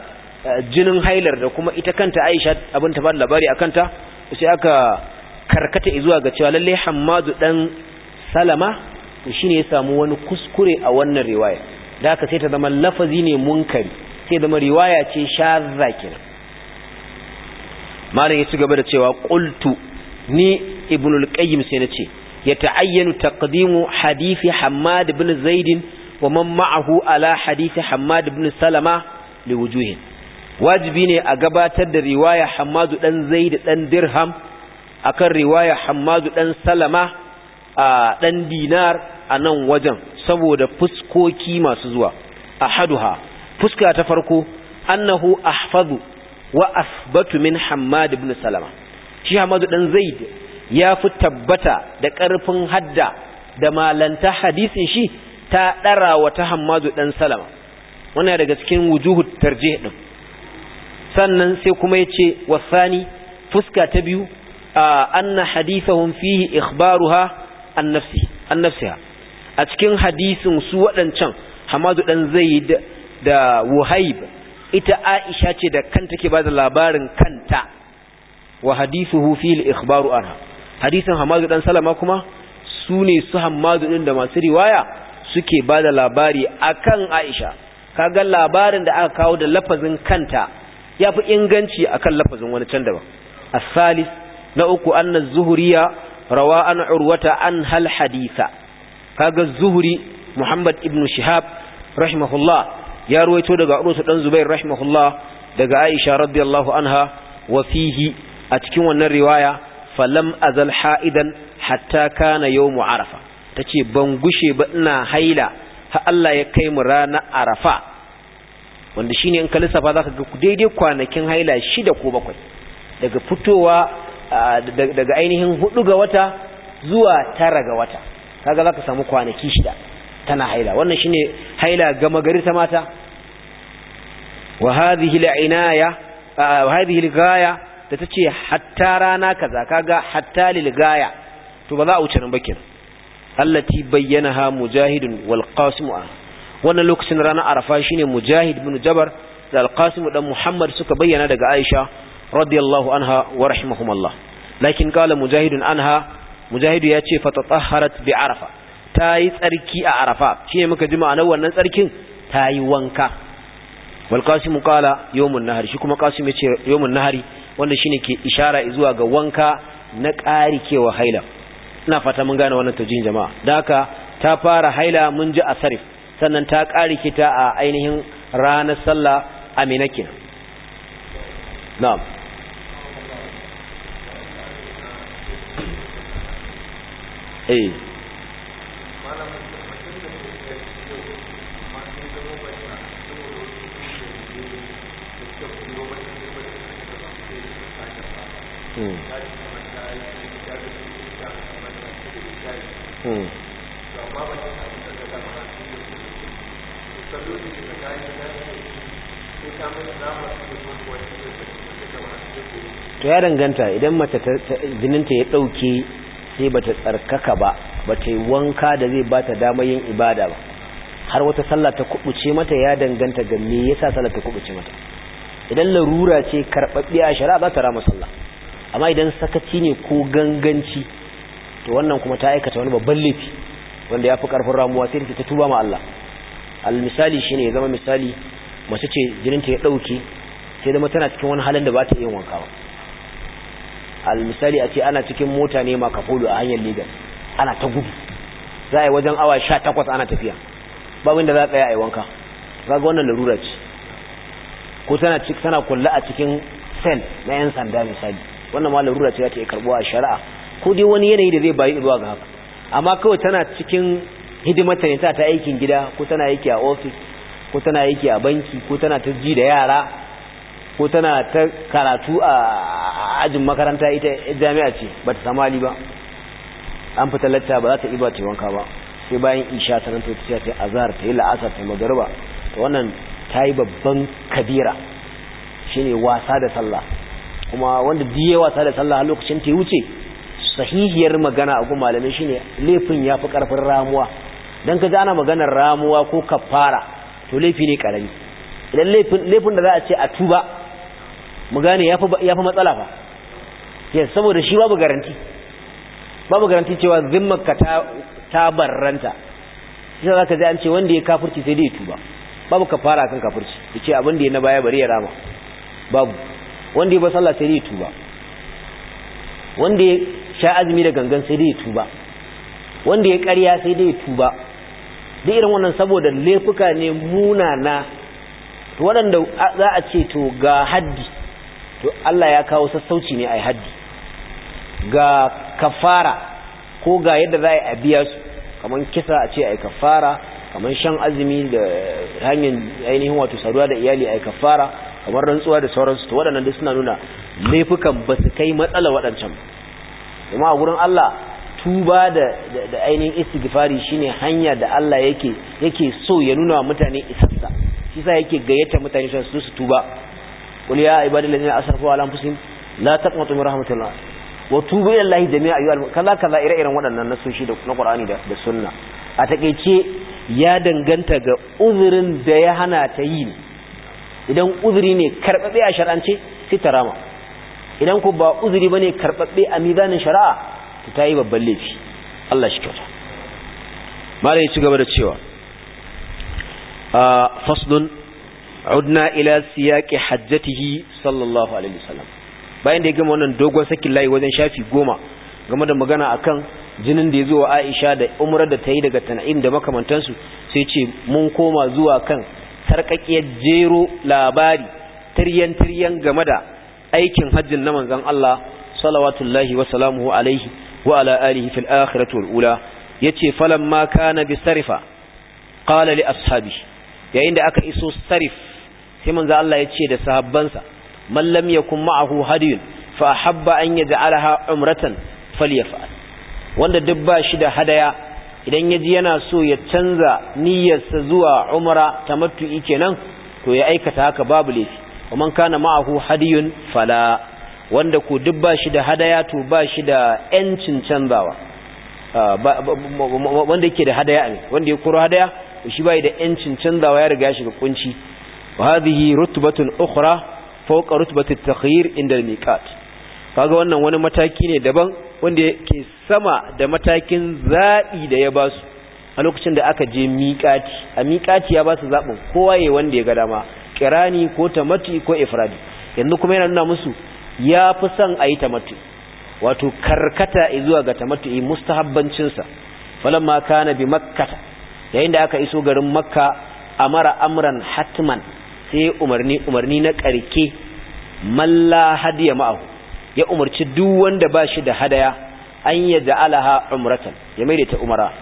Speaker 1: eh, jinin hailar da kuma ita kanta Aisha abin ta ba labari akanta sai aka karkata zuwa ga cewa lalle Hammadu dan Salama to shine ya samu wani kuskure a wannan riwaya da aka sai ta zama lafazi ne munkari sai zama riwaya ce shazza kenan malam ya ci gaba da cewa qultu ni al qayyim sai nace ya ta'ayyanu taqdimu hadisi Hammad Bin Zaid wa man ma'ahu ala hadisi Hammad Bin Salama liwujuhin wajibi ne a gabatar da riwaya hamadu dan zaid dan dirham akan riwaya hamadu dan salama a dan dinar a nan wajen saboda fuskoki masu zuwa a ahaduha fuska ta farko annahu ahfazu wa asbatu min hamad ibn salama shi hamadu dan zaid ya fi tabbata da ƙarfin hadda da malanta hadisin shi ta ɗara wa ta hamadu ɗan salama wannan daga cikin wujuhu tarjih ɗin sannan sai kuma ya ce wasani fuska ta biyu A anna hadithahum fihi ha, an nafsi ha. a cikin hadisin su waɗancan Hamadu ɗan Zaid da Wuhaib ita Aisha ce da kanta ke ba da labarin kanta wa hadithuhu fihi ikhbaru anha hadisin Hamadu ɗan Salama kuma su ne su Hamadu ɗin da masu riwaya suke ba da labari a kan Aisha kaga labarin da aka kawo da lafazin kanta ya fi inganci akan lafazin wani can daban a salis na uku anna zuhuriya rawa an urwata an hal haditha kaga zuhuri muhammad ibn shihab rahimahullah ya ruwaito daga urwatu dan zubair rahimahullah daga aisha radiyallahu anha wa fihi a cikin wannan riwaya falam azal ha'idan hatta kana yawmu arafa tace ban gushe ba ina haila ha Allah ya kai mu ranar arafa wanda shine in ka lissafa zaka ga daidai kwanakin haila shida ko bakwai daga fitowa daga ainihin hudu ga wata zuwa tara ga wata kaga zaka samu kwanaki shida tana haila wannan shine haila ga magari ta mata wa hadhihi al'inaya wa hadhihi al-ghaya da tace hatta rana kaza kaga hatta lil gaya to ba za a wuce nan bakin allati ha mujahidun wal qasimu wannan lokacin rana arafa ne mujahid bin jabar da alqasim dan muhammad suka bayyana daga aisha radiyallahu anha wa rahimahumullah lakin qala mujahidun anha mujahidu ya ce fatatahharat bi arafa ta yi tsarki a arafa shine muka ji ma'anar wannan tsarkin ta yi wanka wal qasim qala yawmun shi kuma qasim ya ce yawmun nahari wanda shine ke ishara zuwa ga wanka na ƙarikewa haila ina fata mun gane wannan tajin jama'a da haka ta fara haila mun ji a sarif sannan ta ƙari kita a ainihin ranar sallah a minakin E. Eh. Hmm. hmm. to ya danganta idan mace ta jininta ya ɗauke sai bata tsarkaka ba bata yi wanka da zai bata damar yin ibada ba har wata sallah ta kubuce mata ya danganta ga me yasa sallah ta kubuce mata idan larura ce karɓaɓɓiya a shari'a za ta rama sallah amma idan sakaci ne ko ganganci to wannan kuma ta aikata wani babban laifi wanda ya fi ƙarfin ramuwa sai ta tuba ma Allah al misali shine ya zama misali mace ce jinin ta ya ɗauke sai zama tana cikin wani halin da ba ta yin wanka ba al misali a ce ana cikin mota ne makafulu a hanyar legas ana ta gudu za a yi wajen awa sha takwas ana tafiya babin da za a tsaya a yi wanka za ga wannan larura ce ko tana tana kulla a cikin sel na yan sanda misali wannan ma larura ce za ta iya karbuwa a shari'a ko dai wani yanayi da zai bayi zuwa ga haka amma kawai tana cikin hidimarta ne ta ta aikin gida ko tana aiki a ofis ko tana yake a banki ko tana ta ji da yara ko tana ta karatu a ajin makaranta ita jami'a ce ba ta samu ba an fita latta ba za ta iba ce wanka ba sai bayan isha ta ta tafiya ta azhar ta yi la'asar ta magariba wannan ta yi babban kabira shine wasa da sallah kuma wanda diye wasa da sallah lokacin ta wuce sahihiyar magana a shi shine laifin ya fi karfin ramuwa dan kaji ana maganar ramuwa ko kafara to laifi ne karami idan laifin da za a ce a tuba mu gane ya fi matsala ba yes saboda shi babu garanti babu garanti cewa zimmarka ta ta barranta shi za ka ji an ce wanda ya kafurci sai dai ya tuba babu ka fara kan kafurci ya ce abin da ya na baya bari ya rama babu wanda ya ba sallah sai dai ya tuba wanda ya sha azumi da gangan sai dai ya tuba wanda ya ƙarya sai dai ya tuba duk irin wannan saboda laifuka ne muna munana waɗanda za a ce to ga haddi to Allah ya kawo sassauci ne a haddi ga kafara ko ga yadda za a biya su kamar kisa a ce a kafara kamar shan azumi da hanyar ainihin wato saduwa da iyali a kafara kamar rantsuwa da sauransu to waɗannan duk suna nuna laifukan ba su kai matsala waɗancan kuma a gurin Allah tuba da da ainihin istighfari shine hanya da Allah yake yake so ya nuna wa mutane isassa shi sa yake gayyata mutane su su tuba qul ya ibadallazina asrafu ala anfusihim la taqnatu min rahmatillah wa tubu ila Allah jami'a ayyuhal kaza kaza ire-iren waɗannan nasoshi da na Qur'ani da da sunna a takeice ya danganta ga uzurin da ya hana ta yi idan uzuri ne karbabe a shar'ance sai ta rama idan ku ba uzuri bane karbabe a mizanin shari'a ta yi babban laifi Allah shi kyauta malai ci gaba da cewa a faslun udna ila siyaqi hajjatihi sallallahu alaihi wasallam bayan da ya gama wannan dogon sakin layi wajen shafi goma game da magana akan jinin da ya zo wa Aisha da umrar da ta yi daga tana'in da makamantansu sai ce mun koma zuwa kan sarƙaƙiyar jero labari tiryan-tiryan game da aikin hajjin na manzon Allah salawatullahi wa salamuhu alaihi wa ala alihi fil akhirati wal ula yace falamma kana bi sarifa kalali li yayin da aka iso sarif sai manzo Allah ya ce da sahabbansa man lam yakun ma'ahu hadiyun fa habba an yaj'alaha umratan falyaf'al wanda duk bashi da hadaya idan yaji yana so ya canza niyyarsa zuwa umra tamattu'i kenan to ya aikata haka babu laifi wa man kana ma'ahu hadiyun fala wanda ku duk ba shi da hadaya to ba shi da ƴancin canzawa ah, wanda yake da hadaya ne wanda ya kuro hadaya shi ba da ƴancin canzawa ya riga shiga kunci wa hadhihi rutubatun ukhra fawqa rutbati at-takhyir inda al-miqat kaga wannan wani mataki ne daban wanda ke sama da matakin zabi da ya ba su a lokacin da aka je miqati a miqati ya ba su zabin kowa yayin wanda ya ga dama kirani ko tamati ko ifradi yanzu kuma yana nuna musu ya fi son a yi tamatu wato karkata zuwa ga tamattu mustahabbancinsa falamma na bi makkata yayin da aka iso garin makka amara amran hatman sai umarni umarni na karke malla hadiya ma'ahu ya umarci duk wanda ba shi da hadaya an ya ja'alaha umratan ya maida ta umara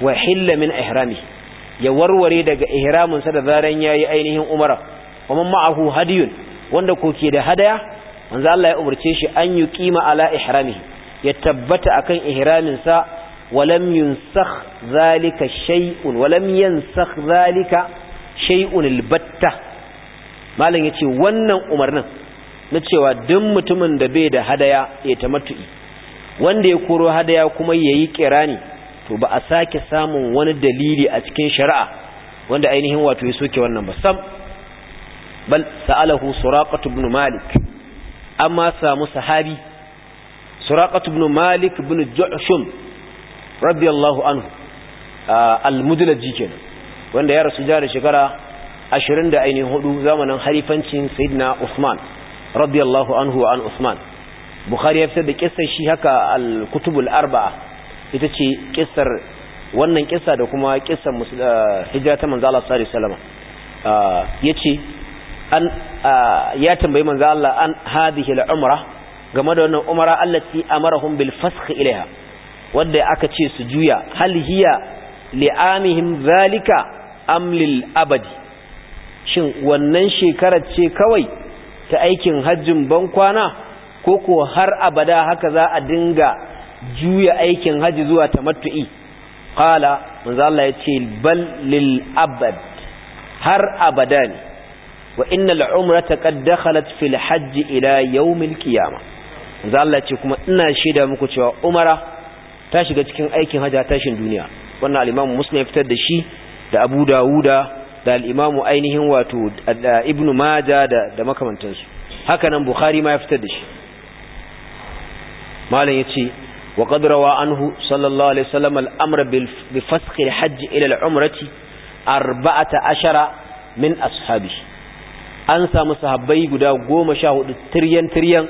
Speaker 1: wa hilla min ihrami ya warware daga ihramin sa da zaran yayi ainihin umara kuma ma'ahu hadiyun wanda koke da hadaya manzo Allah ya umarce shi an kima ala ihramihi ya tabbata akan ihramin sa walam yunsakh zalika shay'un walam yansakh zalika shay'un albatta malam yace wannan umarnin na cewa duk mutumin da bai da hadaya ya tamattu'i wanda ya koro hadaya kuma yayi kirani to ba a sake samun wani dalili a cikin shari'a wanda ainihin wato ya soke wannan ba sam bal sa'alahu suraqatu ibn malik amma samu sahabi suraqatu ibn malik ibn ju'shum radiyallahu anhu al-mudlaji kenan wanda ya rasu jara shekara 20 da ainihin hudu zamanin halifancin sayyidina usman radiyallahu anhu wa an usman bukhari ya fitar da kissar shi haka al-kutubul arba'a ita ce kissar wannan kissa da kuma kissar hijira ta manzo Allah sallallahu alaihi wasallam yace an ya tambayi manzo Allah an hadhihi al umrah game da wannan umara allati amarahum bil fasakh ilaiha wanda aka ce su juya hal hiya li'amihim zalika am lil abadi shin wannan shekarar ce kawai ta aikin hajjin ban kwana ko ko har abada haka za a dinga juya aikin haji zuwa tamattu'i qala manzo Allah ya ce bal lil abad har abada wa innal umrata qad dakhalat fil hajj ila yawmil qiyamah manzo Allah ce kuma ina shaida muku cewa umara ta shiga cikin aikin hajja tashin duniya wannan al-imam muslim ya fitar da shi da abu dauda da al ainihin wato ibnu majah da da makamantansu haka nan bukhari ma ya fitar da shi malam yace wa qad rawa anhu sallallahu alaihi wasallam al-amr bi fasakh al-hajj ila al-umrati 14 min ashabihi an samu sahabbai guda goma sha hudu tiryan tiryan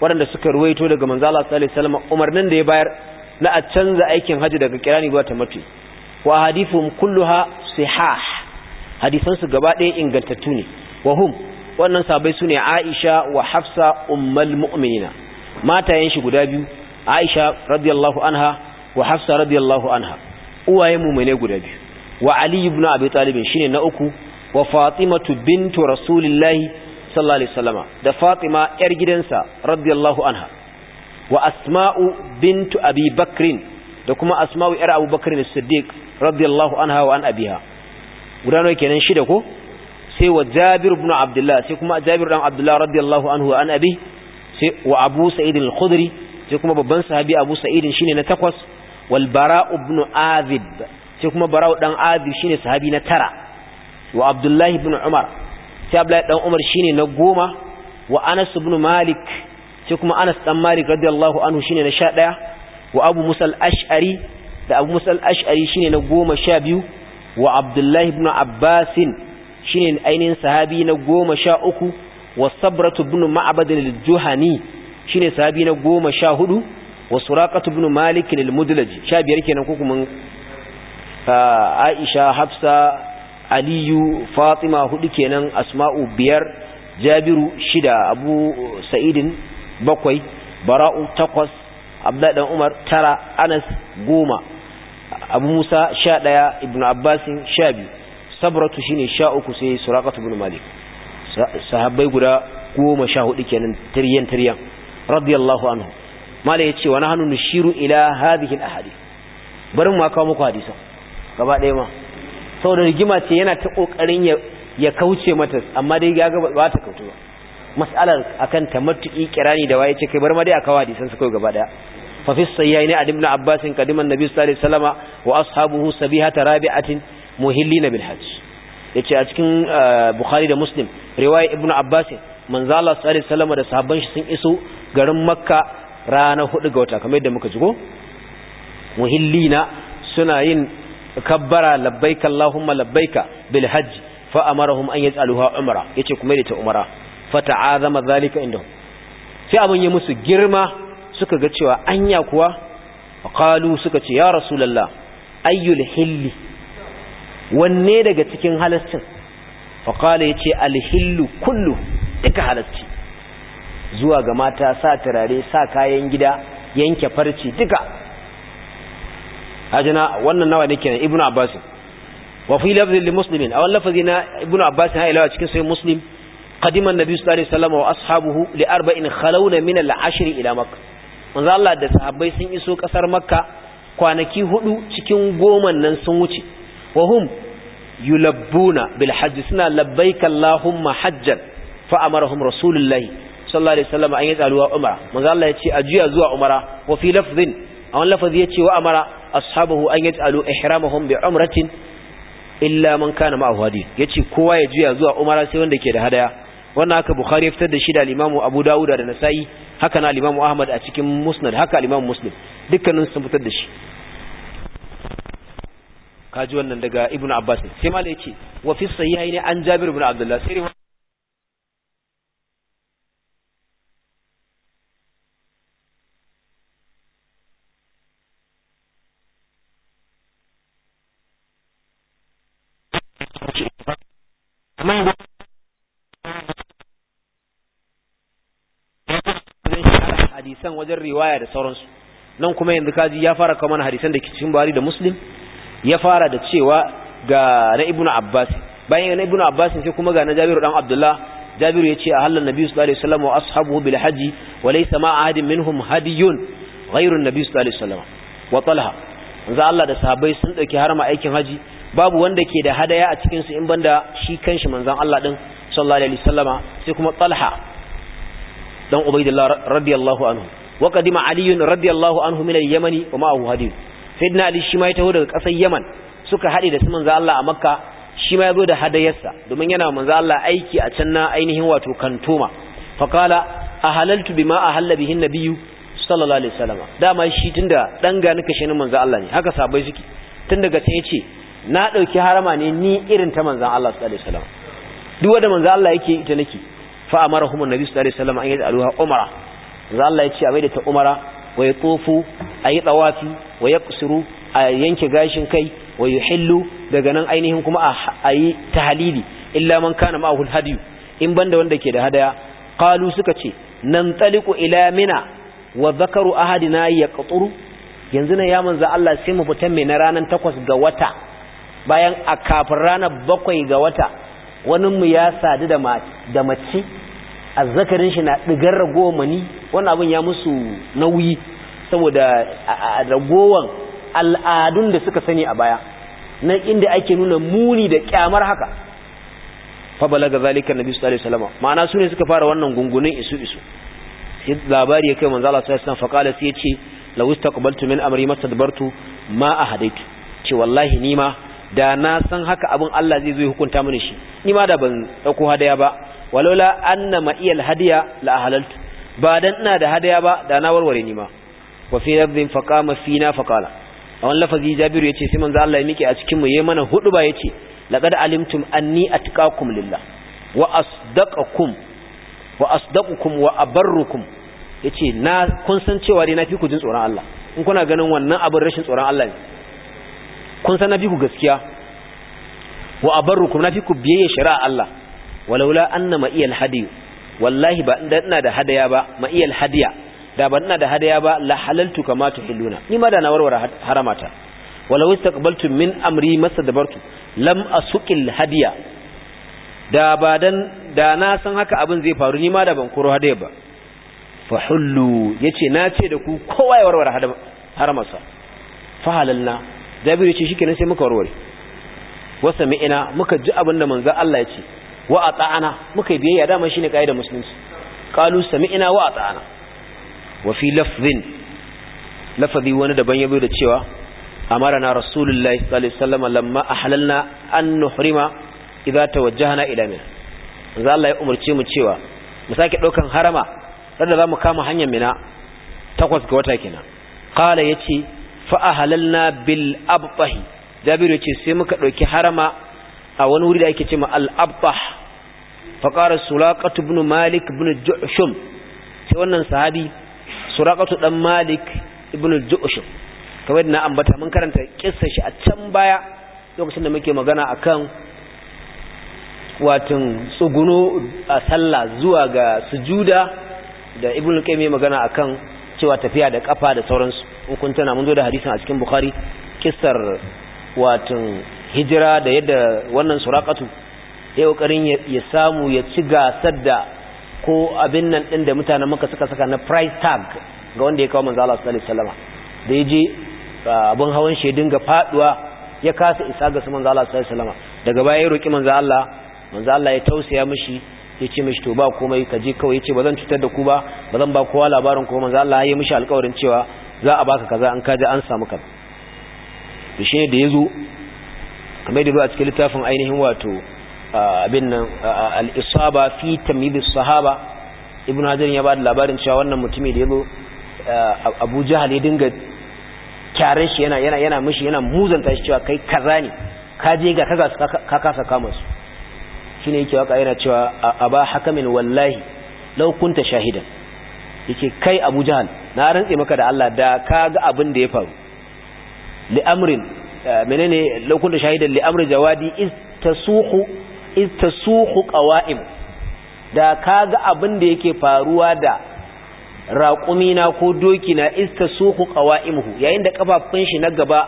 Speaker 1: waɗanda suka ruwaito daga Manzala Allah salama umarnin da ya bayar na a canza aikin hajji daga kirani zuwa tamattu wa kullu kulluha sihah hadisan gaba ɗaya ingantattu ne wa hum wannan sahabbai ne Aisha wa Hafsa ummul mu'minina matayen shi guda biyu Aisha radiyallahu anha wa Hafsa radiyallahu anha uwayen mu'mine guda biyu wa Ali ibn Abi Talib shine na uku wa fatimatu bintu rasulillahi sallallahu alaihi wasallama da fatima yar gidansa radiyallahu anha wa asma'u bintu abi da kuma asma'u yar abubakar siddiq radiyallahu anha wa an abiha gudano kenan shida ko sai wa jabir ibn abdullah sai kuma jabir dan abdullah radiyallahu anhu wa an abi sai wa abu sa'id al-khudri sai kuma babban sahabi abu sa'id shine na takwas wal bara ibn azib sai kuma bara'u dan azib shine sahabi na tara wa abdullahi bin umar sai abdullahi dan umar shine na goma wa anas bin malik sai kuma anas dan malik radiyallahu anhu shine na sha ɗaya wa abu musa al-ash'ari da abu musa al-ash'ari shine na goma sha biyu wa abdullahi ibn abbasin shine ainihin sahabi na goma sha uku wa sabratu ibn ma'bad al-juhani shine sahabi na goma sha hudu wa suraqatu bin malik al-mudlaj sha biyar kenan ko kuma ah, aisha hafsa aliyu fatima hudu kenan asma'u biyar jabiru shida abu sa'idin bakwai bara'u takwas dan umar tara anas goma abu musa sha ɗaya ibn abbasin sha biyu sabratu ne sha uku sai surakatu bin malik sahabbai guda goma sha hudu kenan tiryan tiryan radiyallahu anhu ya ce wani hannun shiru ila hadihin ahadi bari mu kawo muku hadisa gaba ɗaya ma da rigima ce yana ta kokarin ya kauce mata amma dai ya gaba ba ta kautu ba mas'alar akan matuƙi kirani da waye ce kai bar ma dai aka wadi san su kai gaba daya fa fi sayyain adim ibn abbasin kadiman nabi sallallahu alaihi wasallama wa ashabuhu sabihata rabi'atin muhillina bil hajj yace a cikin uh, bukhari da muslim riwaya ibn abbas manzo Allah sallallahu alaihi wasallama da sahabban shi sun iso garin makka rana hudu ga wata kamar yadda muka ji ko muhillina suna yin kabbara labbaika Allahumma labbaika bil hajj fa amarahum an yaj'aluha umra yace kuma da ta umra fa ta'azama zalika indahum sai abun ya musu girma suka ga cewa anya kuwa qalu suka ce ya rasulullah ayyul hilli wanne daga cikin halaccin fa qala yace al hillu kullu duka halarci. zuwa ga mata sa turare sa kayan gida yanke farci duka ajina wannan nawa ne kenan ibnu abbas wa fi lafzi li muslimin aw lafzi na ibnu abbas ha ila cikin sai muslim qadima annabi sallallahu alaihi wasallam wa ashabuhu li arba'in khalawna min al-ashr ila makkah manzo Allah da sahabbai sun iso kasar makka kwanaki hudu cikin goman nan sun wuce wa hum yulabbuna bil hajj suna labbaika allahumma hajjan fa amarahum rasulullahi sallallahu alaihi wasallam an yi tsaruwa umara manzo Allah ya ce a juya zuwa umara wa fi lafzin a wani lafazi ya ce wa amara ashabahu an yaj'alu ihramahum bi umratin illa man kana ma'ahu hadith yace kowa ya juya zuwa umara sai wanda ke da hadaya wannan haka bukhari ya fitar da shi da al-imamu abu dawud da nasa'i haka na al-imamu ahmad a cikin musnad haka al-imamu muslim dukkanin sun fitar da shi kaji wannan daga ibnu abbas sai malai yace wa fi sahihaini an jabir ibn abdullah sai hadisan wajen riwaya da sauransu nan kuma yanzu kaji ya fara kawo hadisan da ke cikin Buhari da Muslim ya fara da cewa ga na Ibn Abbas bayan na Ibn Abbas sai kuma ga na Jabiru dan Abdullah Jabiru yace a halal Nabi sallallahu alaihi wasallam wa ashabuhu bil haji wa laysa ma ahad minhum hadiyun ghayru Nabi sallallahu alaihi wasallam wa Talha yanzu Allah da sahabbai sun dauki harama aikin haji babu wanda ke da hadaya a cikinsu in banda shi kanshi manzan Allah ɗin sallallahu alaihi wasallama sai kuma talha dan ubaidillah radiyallahu anhu wa qadima Aliyun radiyallahu anhu min al-yamani wa ma'ahu hadith sayyidina ali shi ma ya taho daga ƙasar yaman suka haɗe da su manzan Allah a makka shi ma ya zo da hadayarsa domin yana manzan Allah aiki a can na ainihin wato kantoma fa qala ahalaltu bima ahalla bihi an-nabiyyu sallallahu alaihi wasallama dama shi tunda dan ga nika shi manzan Allah ne haka sabai suke tun daga sai ya ce na ɗauki harama ne ni irin ta manzan Allah su ɗari salama duk wadda manzan Allah yake ita nake fa a mara kuma nabi su ɗari salama an yi da aluha umara manzan Allah ya ce a mai da ta umara waya tsofo a yi tsawafi waya ya kusuru a yanke gashin kai wa ya hillu daga nan ainihin kuma a yi ta halili illa man kana ma'ahul hadiyu in banda wanda ke da hadaya kalu suka ce nan taliku ila mina wa zakaru ahadina ya kuturu. yanzu na ya manza Allah sai mu fitan mai na ranar takwas ga wata bayan a kafin ranar bakwai ga wata wani mu ya sadu da mace a zakarin shi na ɗigar ragowar mani wani abin ya musu nauyi saboda ragowar al'adun da suka sani a baya na inda ake nuna muni da kyamar haka fa balaga zalikar nabi sallallahu alaihi wasallam ma'ana su ne suka fara wannan gungunin isu isu sai labari ya kai manzo Allah sallallahu alaihi wasallam sai ya ce law istaqbaltu min amri mastadbartu ma ahadaitu ce wallahi nima da na san haka abin Allah zai zo ya hukunta mini shi ni ma da ban dauko hadaya ba walola anna ma iyal hadiya la halaltu ba dan ina da hadaya ba da na warware ni ma wa fi rabbin faqama fina faqala a wannan lafazi Jabiru yace sai manzo Allah ya miƙe a cikin mu yayi mana hudu ba yace laqad alimtum anni atqakum lillah wa asdaqakum wa asdaqukum wa abarrukum yace na kun san cewa dai na fi ku jin tsoron Allah in kuna ganin wannan abin rashin tsoron Allah ne kun san nafi ku gaskiya wa abarrukum nafi ku biyayya shari'a Allah walaula anna ma iyal hadiyu wallahi ba ina da hadaya ba ma iyal hadiya da ba ina da hadaya ba la halaltu kama tuhilluna ni ma da na warware haramata walau istaqbaltu min amri masadabartu lam asuqil hadiya da ba dan da na san haka abin zai faru ni ma da ban koro hadaya ba fa hullu yace na ce da ku kowa ya warware haramarsa fa halalna jabiru ce shi kenan sai muka warware wasa ina muka ji abin da Allah ya ce wa ata'ana muka biyayya dama ne kaidar musulunci qalu sami'na wa ata'ana wa fi lafzin lafazi wani daban yabo da cewa amarana rasulullahi sallallahu alaihi wasallam lamma ahlalna an nuhrima idza tawajjahna ila mina manzo Allah ya umarce mu cewa mu sake daukan harama za zamu kama hanyar mina takwas ga wata kenan qala yace fa ahlalna bil abtahi jabir yace sai muka ɗauki harama a wani wuri da ake cewa al abtah fa qara sulaqat ibn malik ibn ju'shum sai wannan sahabi suraqatu dan malik ibn ju'shum kamar na ambata mun karanta kissar shi a can baya lokacin da muke magana akan watan tsuguno a sallah zuwa ga sujuda da ibn mai magana akan cewa tafiya da ƙafa da sauransu hukuntuna mun zo da hadisin a cikin bukhari kissar watan hijira da yadda wannan surakatu ya kokarin ya samu ya ci gasar da ko abin nan din da mutanen maka suka saka na price tag ga wanda ya kawo manzo Allah sallallahu alaihi wasallam da yaje abun ah, hawan shi dinga faduwa ya kasa isa ga manzo Allah sallallahu alaihi wasallam daga baya ya roki manzo Allah manzo Allah ya tausaya mishi ya ce mishi to ba komai ka je kawai ya ce ba zan cutar da ku ba ba zan ba kowa labarin ko manzo Allah ya yi mishi alƙawarin cewa za a baka kaza an kaji an samu kaza to shine da yazo kamar da a cikin littafin ainihin wato abin nan al-isaba fi tamyiz as-sahaba ibnu hajar ya ba da labarin cewa wannan mutumi da ya zo. jahal ya dinga kyaran shi yana yana yana mushi yana muzanta shi cewa kai kaza ne ka je ga kaza ka kasa kama su shine yake waka yana cewa a aba hakamin wallahi law kunta shahidan yake kai abu jahal na rantse maka da Allah da ka ga abin da ya faru li amrin eh, menene lokun da shahidan li amri jawadi is tasuhu is tasuhu qawaim da ka ga abin da yake faruwa da raƙumina ko doki na is tasuhu qawaimuhu yayin da kafafun shi na gaba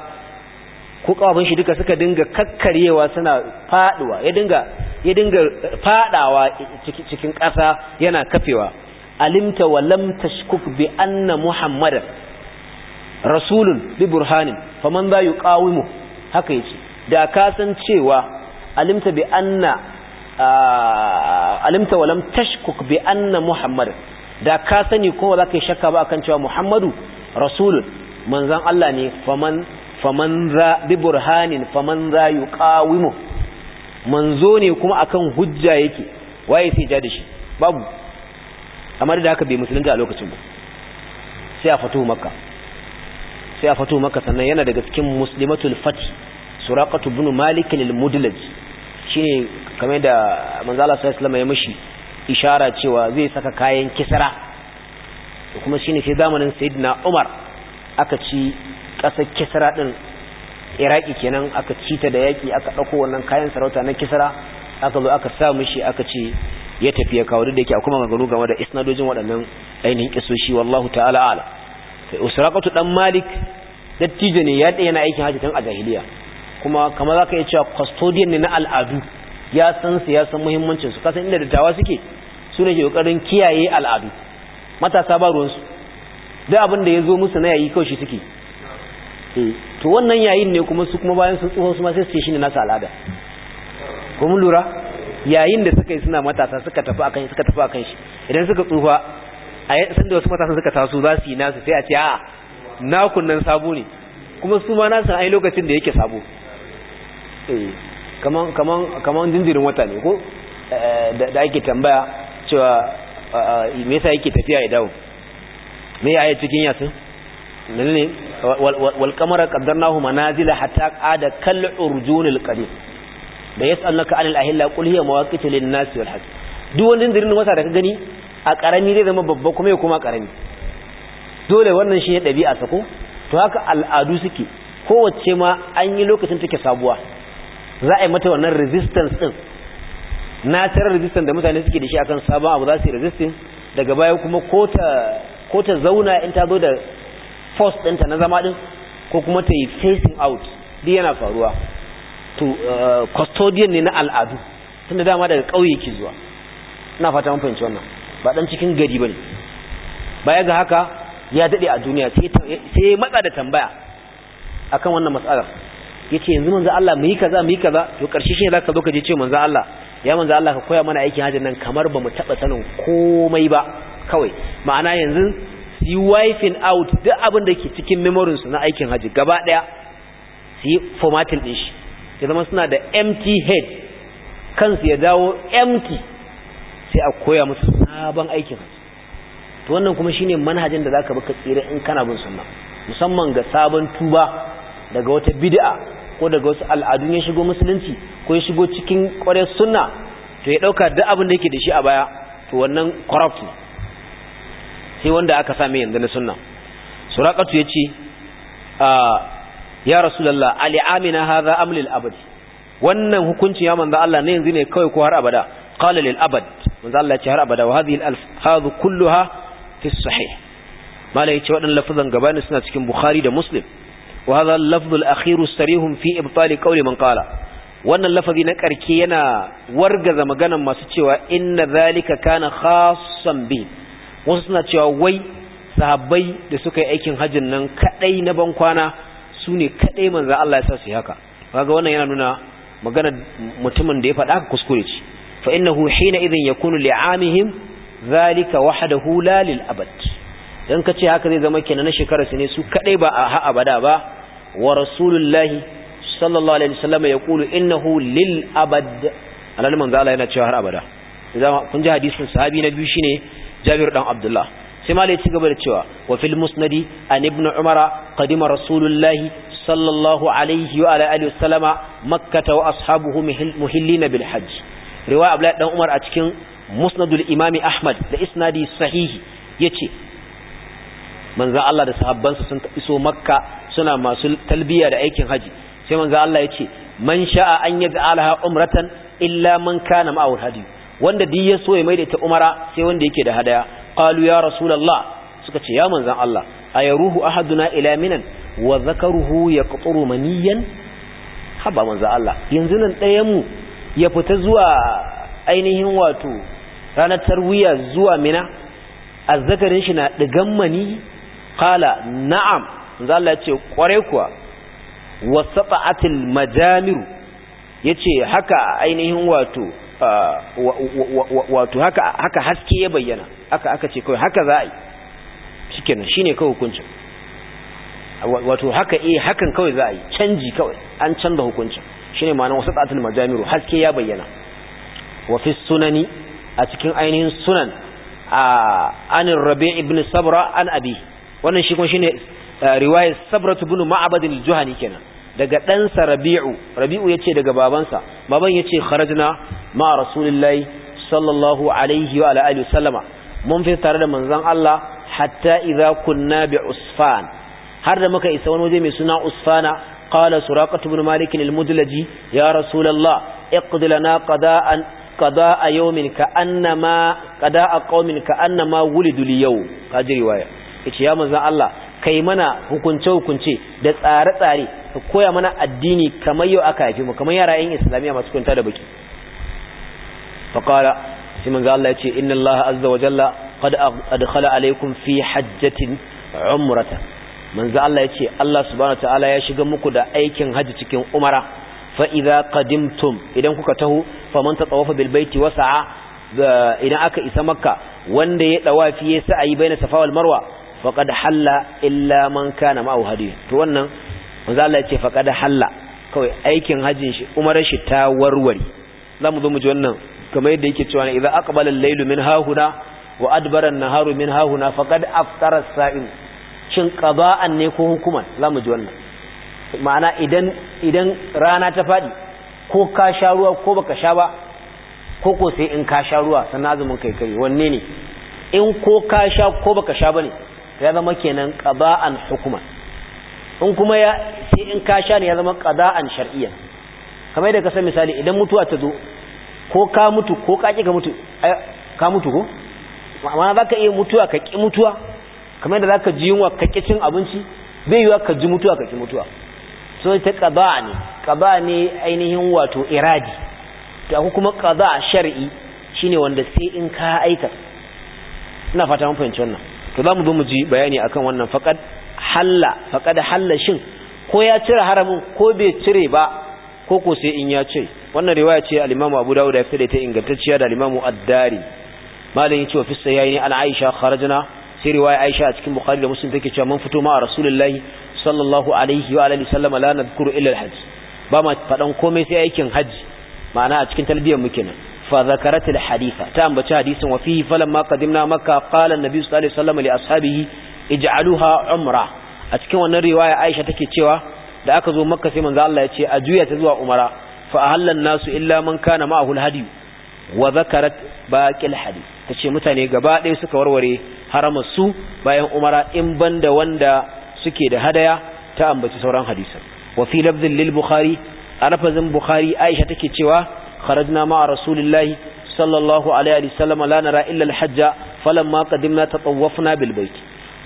Speaker 1: ko kafafun shi duka suka dinga kakkaryewa suna faduwa ya dinga ya dinga fadawa cikin ƙasa yana kafewa alimta wa lam tashkuk bi anna muhammadan rasulun bi burhanin fa man za yuqawimu haka yace da ka san cewa alimta bi anna alimta wa lam tashkuk bi anna muhammadan da ka sani ko za ka yi shakka ba akan cewa muhammadu rasulun manzan Allah ne faman faman za bi burhanin faman za yuqawimu manzo ne kuma akan hujja yake waye sai ja da shi babu amma da haka bai musulunci a lokacin ba sai a fatu makka sai a fatu makka sannan yana daga cikin muslimatul fati suraqatu ibn malik al-mudlaj shine kamar da manzo Allah sallallahu ya mishi ishara cewa zai saka kayan kisra kuma shine sai zamanin sayyidina umar aka ci kasar kisra din iraki kenan aka ci ta da yaki aka dauko wannan kayan sarauta na kisra aka zo aka sa mishi aka ce ya tafi ya kawo da yake akwai maganganu game da isnadojin waɗannan ainihin kisoshi wallahu ta'ala ala sai usraqatu dan malik dattijo ne ya yana aikin haji tun a jahiliya kuma kamar zaka iya cewa custodian ne na al'adu ya san su ya san muhimmancin su kasan inda dattawa suke su ne ke kokarin kiyaye al'adu matasa ba ruwan su duk abin da ya zo musu na yayi kawai shi suke eh, to wannan yayin ne kuma su kuma bayan sun tsoho su ma sai su ce shine nasu al'ada mun lura yayin da suka yi suna matasa suka tafi akan suka tafi akan shi idan suka tsufa a yayin da wasu matasa suka taso za su yi nasu sai a ce a na kunnan sabo ne kuma su ma na san ai lokacin da yake sabo eh kaman kaman kaman jinjirin wata ne ko eh, da ake tambaya cewa me yasa yake tafiya ya dawo me ya yi cikin yasin lalle wal qamara qaddarnahu manazila hatta ada kal urjunil qadim da annaka anil ahilla qul hiya mawaqitu lin nas wal hajj duk wani dindirin masa da ka gani a karami zai zama babba kuma ya kuma karami dole wannan shi ne dabi'a ta ko to haka al'adu suke kowace ma an yi lokacin take sabuwa za a yi mata wannan resistance din na natural resistance da mutane suke da shi akan sabon abu za su yi resistance daga baya kuma ko ta zauna in ta zo da force ɗinta na zama ɗin ko kuma ta yi facing out duk yana faruwa to eh, custodian ne na al'adu tunda dama daga ƙauye ke zuwa ina fata mun fahimci wannan ba dan cikin gari bane baya ga haka ya dade a duniya sai sai matsa da tambaya akan wannan ya yace yanzu manzo Allah mu kaza mu kaza to karshe shi zaka zo ka je ce manzo Allah ya manzo Allah ka koya mana aikin hajjin nan kamar bamu taɓa sanin komai ba kawai ma'ana yanzu su yi wifin out duk abin da ke cikin memorinsu na aikin hajji gaba ɗaya su yi formatin din shi ya zama suna da empty head kansu ya dawo empty sai a koya musu sabon aikin to wannan kuma shine manhajin da zaka baka tsira in kana bin sunna musamman ga sabon tuba daga wata bid'a ko daga wasu al'adun ya shigo musulunci ko ya shigo cikin kware sunna to ya dauka duk abin da yake da shi a baya to wannan corrupt sai wanda aka same yanzu na sunna suraqatu yace a ah, ya rasulullah ali amina hadha amlil lil abad wannan hukunci ya manzo Allah ne yanzu ne kawai ko har abada qala lil abad manzo Allah ya ce har abada wa hadhihi al alf hadhu kulluha fi sahih mala ce waɗannan lafazan gabani suna cikin bukhari da muslim wa hadha al lafz al akhir sarihum fi ibtal qawli man qala wannan lafazi na karke yana wargaza maganan masu cewa inna zalika kana khassan bi wasu suna cewa wai sahabbai da suka yi aikin hajjin nan kadai na bankwana su ne kaɗai manza Allah ya sa su haka kaga wannan yana nuna magana mutumin da ya faɗa kuskure ce fa innahu hina idin yakunu li'amihim zalika wahdahu la lil abad dan kace haka zai zama kenan na shekarar su ne su kaɗai ba a ha abada ba wa rasulullahi sallallahu alaihi wasallam yaqulu innahu lil abad alal manza Allah yana cewa har abada kun ji hadisin sahabi na biyu shine Jabir dan Abdullah sai ma ya ci gaba da cewa wa fil musnadi an ibn umara qadima rasulullahi sallallahu alaihi wa ala alihi wasallama makkata wa ashabuhu muhillina bil hajj riwaya abdullahi dan umar a cikin musnadul imami ahmad da isnadi sahihi yace manzo Allah da sahabbansa sun iso makka suna masu talbiya da aikin haji sai manzo Allah yace man sha'a an yaj'alaha umratan illa man kana ma'ahu hadi wanda duk ya so ya maida ta umara sai wanda yake da hadaya يا ya الله suka ce ya manzon Allah a ayaruhu ahaduna ila minan wa zakaruhu yaqturu maniyan haba manzan Allah yanzu nan ɗayan mu ya fita zuwa ainihin wato ranar tarwiya zuwa mina azzakarin shi na ɗigan mani qala na'am manzon Allah ya ce kware kuwa wasata'atil majamiru yace haka ainihin wato wato haka haka haske ya bayyana aka aka ce kawai haka za a yi shikenan shine kawai hukuncin wato haka eh hakan kawai za a yi canji kawai an canza hukuncin shine ma'anar wasatatul majamiru haske ya bayyana wa fi sunani a cikin ainihin sunan a anin rabi ibn sabra an abi wannan shi kuma shine eh, riwayar sabratu ibn ma'abad juhani kenan daga ɗansa rabi'u rabi'u ya ce daga babansa baban ya ce kharajna ma rasulillahi sallallahu alaihi wa alihi sallama mun fi tare da manzon Allah hatta idza kunna bi usfan har da muka isa wani waje mai suna usfana qala suraqah ibn malik al-mudlaji ya rasulullah iqd lana qada'an qada'a yawmin ka annama qada'a qaumin ka annama wulidu liyaw kaji riwaya yace ya manzon Allah kai mana hukunce hukunce da tsare tsare ka koya mana addini kamar yau aka haife mu kamar yara yan islamiyya masu kwanta da baki fa qala sai manzo Allah ya ce inna Allah azza wa jalla qad adkhala alaykum fi hajjatin umratan manzo Allah ya ce Allah subhanahu ta'ala ya shiga muku da aikin haji cikin umara fa idza qadimtum idan kuka taho faman tatawafa bil baiti wa sa'a idan aka isa makka wanda ya dawafi ya sa'ayi baina safa wal marwa faqad halla illa man kana ma'ahu hadiy to wannan manzo Allah ya ce faqad halla kawai aikin hajin shi umarar shi ta warware zamu zo mu ji wannan kamar yadda yake cewa idza aqbala al-laylu min hahuna wa adbara an-naharu min hahuna faqad aftara as-sa'im cin qada'an ne ko hukuman zamu ji wannan ma'ana idan idan rana ta fadi ko ka sha ruwa ko baka sha ba ko ko sai in ka sha ruwa sannan azumin kai kai wanne ne in ko ka sha ko baka sha bane ya zama kenan qada'an hukuman in kuma ya sai in ka sha ne ya zama qada'an shar'iyyan kamar da ka san misali idan mutuwa ta zo ko ka mutu ko ka ki ka mutu ka mutu ko amma zaka iya mutuwa ka ki mutuwa kamar da zaka ji yunwa ka ki cin abinci bai yiwa ka ji mutuwa ka ki mutuwa so ta qada'a ne qada'a ne ainihin wato iradi to akwai kuma qada'a shar'i shine wanda sai in ka aika. ina fata mun fahimci wannan to zamu zo mu ji bayani akan wannan faqad halla faƙada halla shin ko ya cire haramin ko bai cire ba ko ko sai in ya ce wannan riwaya ce al-imamu abu dawud ya fi da ta ingantacciya da al-imamu ad-dari malam yace wa fi sayyi an aisha kharajna sai riwaya aisha a cikin bukhari da muslim take cewa mun fito ma rasulullahi sallallahu alaihi wa alihi sallam la nadhkuru illa al-hajj ba ma fadan komai sai aikin hajji ma'ana a cikin talbiyar mu kenan fa zakarat al-haditha ta ambaci hadisin wa fihi falamma qadimna makka qala an-nabi sallallahu alaihi wasallam li ashabihi ij'aluha umra a cikin wannan riwaya Aisha take cewa da aka zo Makka sai manzo Allah ya ce a juya ta zuwa umara fa ahallan nasu illa man kana ma'ahu al wa zakarat baqil hadi tace mutane gaba ɗaya suka warware haramar su bayan umara in banda wanda suke da hadaya ta ambaci sauran hadisan wa fi lafzin lil bukhari a lafazin bukhari aisha take cewa kharajna ma'a rasulillahi sallallahu alaihi wa sallam la nara illa al-hajja falamma qadimna tatawwafna bil bait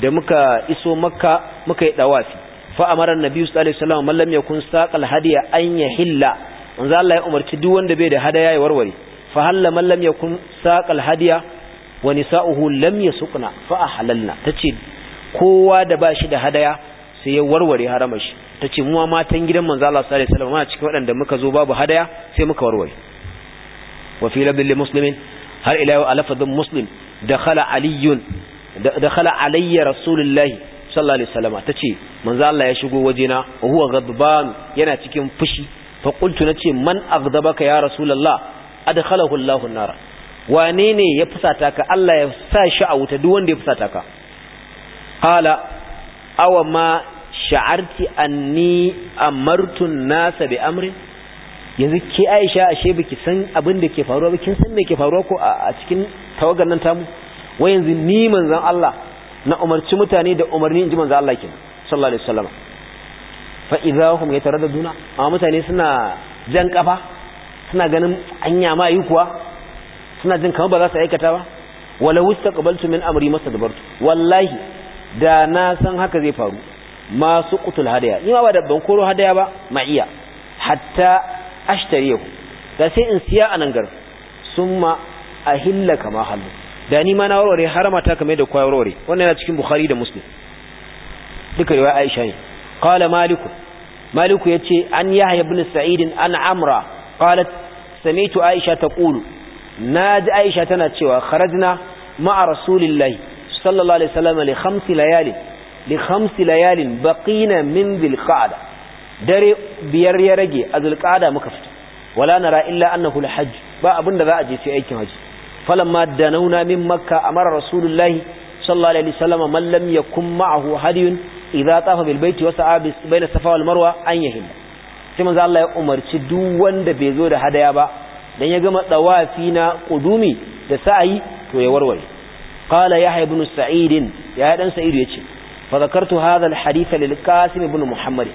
Speaker 1: da muka iso makka muka yi dawafi fa amara annabi sallallahu alaihi wasallam lam yakun saqal hadiya an yahilla manzo Allah ya umarci duk wanda bai da hadaya ya warware fa halla man lam yakun saqal hadiya wa nisa'uhu lam yasuqna fa ahlalna tace kowa da bashi da hadaya sai ya warware haramar shi tace mu matan gidan manzo Allah sallallahu alaihi wasallam muna cikin waɗanda muka zo babu hadaya sai muka warware wa fi rabbil muslimin har ila yau alafadun muslim dakhala aliyun dakhala alayya rasulullahi sallallahu alaihi wasallama tace manzo Allah ya shigo wajena huwa ghadban yana cikin fushi fa qultu nace man aghdabaka ya rasulullah adkhalahu Allahu an-nar wane ne ya fusata ka Allah ya sa shi a wuta duk wanda ya fusata ka qala aw ma sha'arti anni amartu an-nasa bi amri. yanzu ke Aisha ashe biki san abin da ke faruwa ba kin san me ke faruwa ko a cikin tawagan nan tamu wai yanzu ni manzan Allah na umarci mutane da umarni inji manzan Allah kenan sallallahu alaihi wasallam fa idahum yataraddaduna amma mutane suna jan kafa suna ganin anya ma yi kuwa suna jin kamar ba za su aikata ba wala wustaqbaltu min amri masadbartu wallahi da na san haka zai faru masu qutul hadaya ni ma ba da ban koro hadaya ba ma iya hatta ashtariyahu da sai in siya anan gar summa ahilla kama halu da ni ma na warware haramata ta kamar da kwa warware wannan yana cikin bukhari da muslim duka riwaya aisha ne qala maliku maliku yace an yahya ibn sa'id an amra qalat sami'tu aisha taqulu naji aisha tana cewa kharajna ma'a rasulillahi sallallahu alaihi wasallam li khamsi layalin li khamsi layalin baqina min dhil qa'da dare biyar ya rage a zulqa'da muka fita wala nara illa annahu al-hajj ba abinda za a je sai aikin haji falamma danauna min makka amara rasulullahi sallallahu alaihi wasallam man lam yakun ma'ahu hadiyun idza tafa bil baiti wa sa'a baina safa wal marwa an yahil sai manzo Allah ya umarci duk wanda bai zo da hadaya ba dan ya gama tsawafi na ƙudumi da sa'ayi. to ya warware qala yahya ibn Sa'idin. ya dan sa'id ya fa zakartu hadha hadisa hadith lil qasim ibn muhammad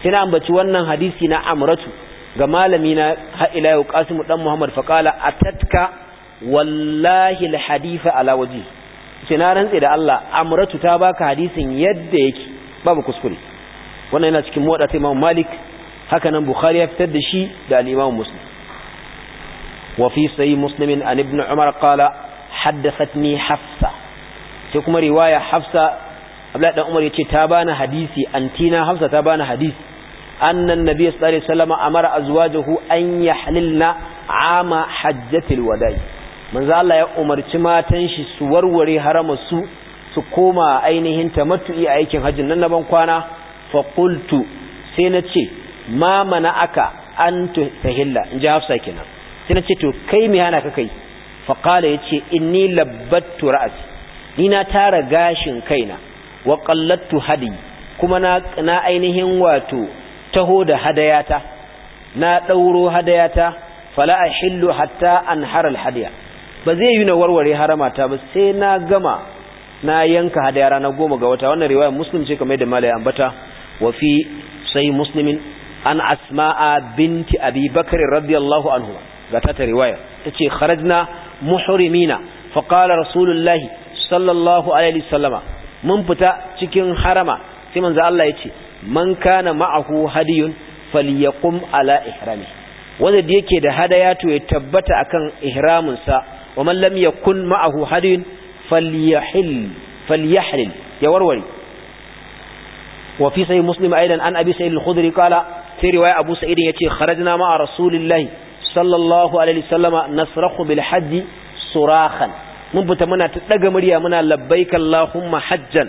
Speaker 1: kina ambaci wannan hadisi na amratu ga malami na ha ila qasim dan muhammad fa qala atatka wallahi alhadifa ala waji na rantse da Allah amratu ta baka hadisin yadda yake babu kuskure wannan yana cikin muwaddat Imam Malik haka nan Bukhari ya fitar da shi da al-Imam Muslim wa fi sahih Muslim an Ibn Umar qala haddathatni Hafsa sai kuma riwaya Hafsa Abdullah dan Umar yace ta bani hadisi antina Hafsa ta bani hadisi annan nabiy sallallahu alaihi wasallam amara azwajahu an yahlilna ama hajjatil wada'i manzo Allah ya umarci matan shi su warware haramarsu su koma ainihin tamattu'i a aikin hajjin nan na ban kwana fa qultu sai na ce ma mana aka antu tahilla in ji hafsa kenan sai na ce to kai me yana ka kai fa qala yace inni labbattu ra'si ni na tara gashin kaina wa qallattu hadi kuma na na ainihin wato taho da hadayata na dauro hadayata fala ahillu hatta anhara alhadiya ba zai yi na warware haramata ba sai na gama na yanka hadaya na goma ga wata wannan riwayar muslim ce kamar da malaya ambata wa fi sai muslimin an asma'a binti abi bakar radiyallahu anhu ga ta riwaya Ta ce kharajna muhrimina fa qala rasulullahi sallallahu alaihi wasallama mun fita cikin harama sai manzo Allah ya ce man kana ma'ahu hadiyun falyaqum ala ihrami wanda yake da hadaya to ya tabbata akan ihramin sa ومن لم يكن معه حد فليحل فليحلل يورولي وفي صحيح مسلم أيضا عن أبي سعيد الخدري قال في رواية أبو سعيد يتي خرجنا مع رسول الله صلى الله عليه وسلم نصرخ بالحج صراخا منبت منا تتقمريا منا لبيك اللهم حجا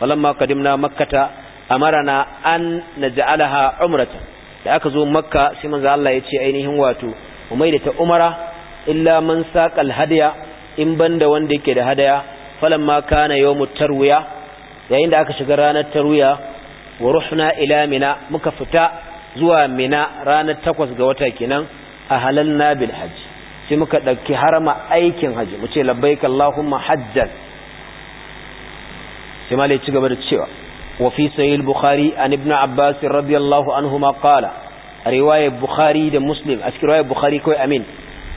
Speaker 1: فلما قدمنا مكة أمرنا أن نجعلها عمرة لأكزوا مكة سيما زال الله يتي أينهم واتوا وميلة أمره illa man saqal hadaya in banda wanda yake da hadaya falamma kana yawmut tarwiya yayin da aka shiga ranar tarwiya wa ruhna ila mina muka fita zuwa mina ranar takwas ga wata kenan a halalna bil hajj sai muka dauki harama aikin haji mu ce labbaik allahumma hajjan sai malai ci gaba da cewa wa fi sahih bukhari an ibn abbas radiyallahu anhuma qala riwayat bukhari da muslim a cikin riwayat bukhari kai amin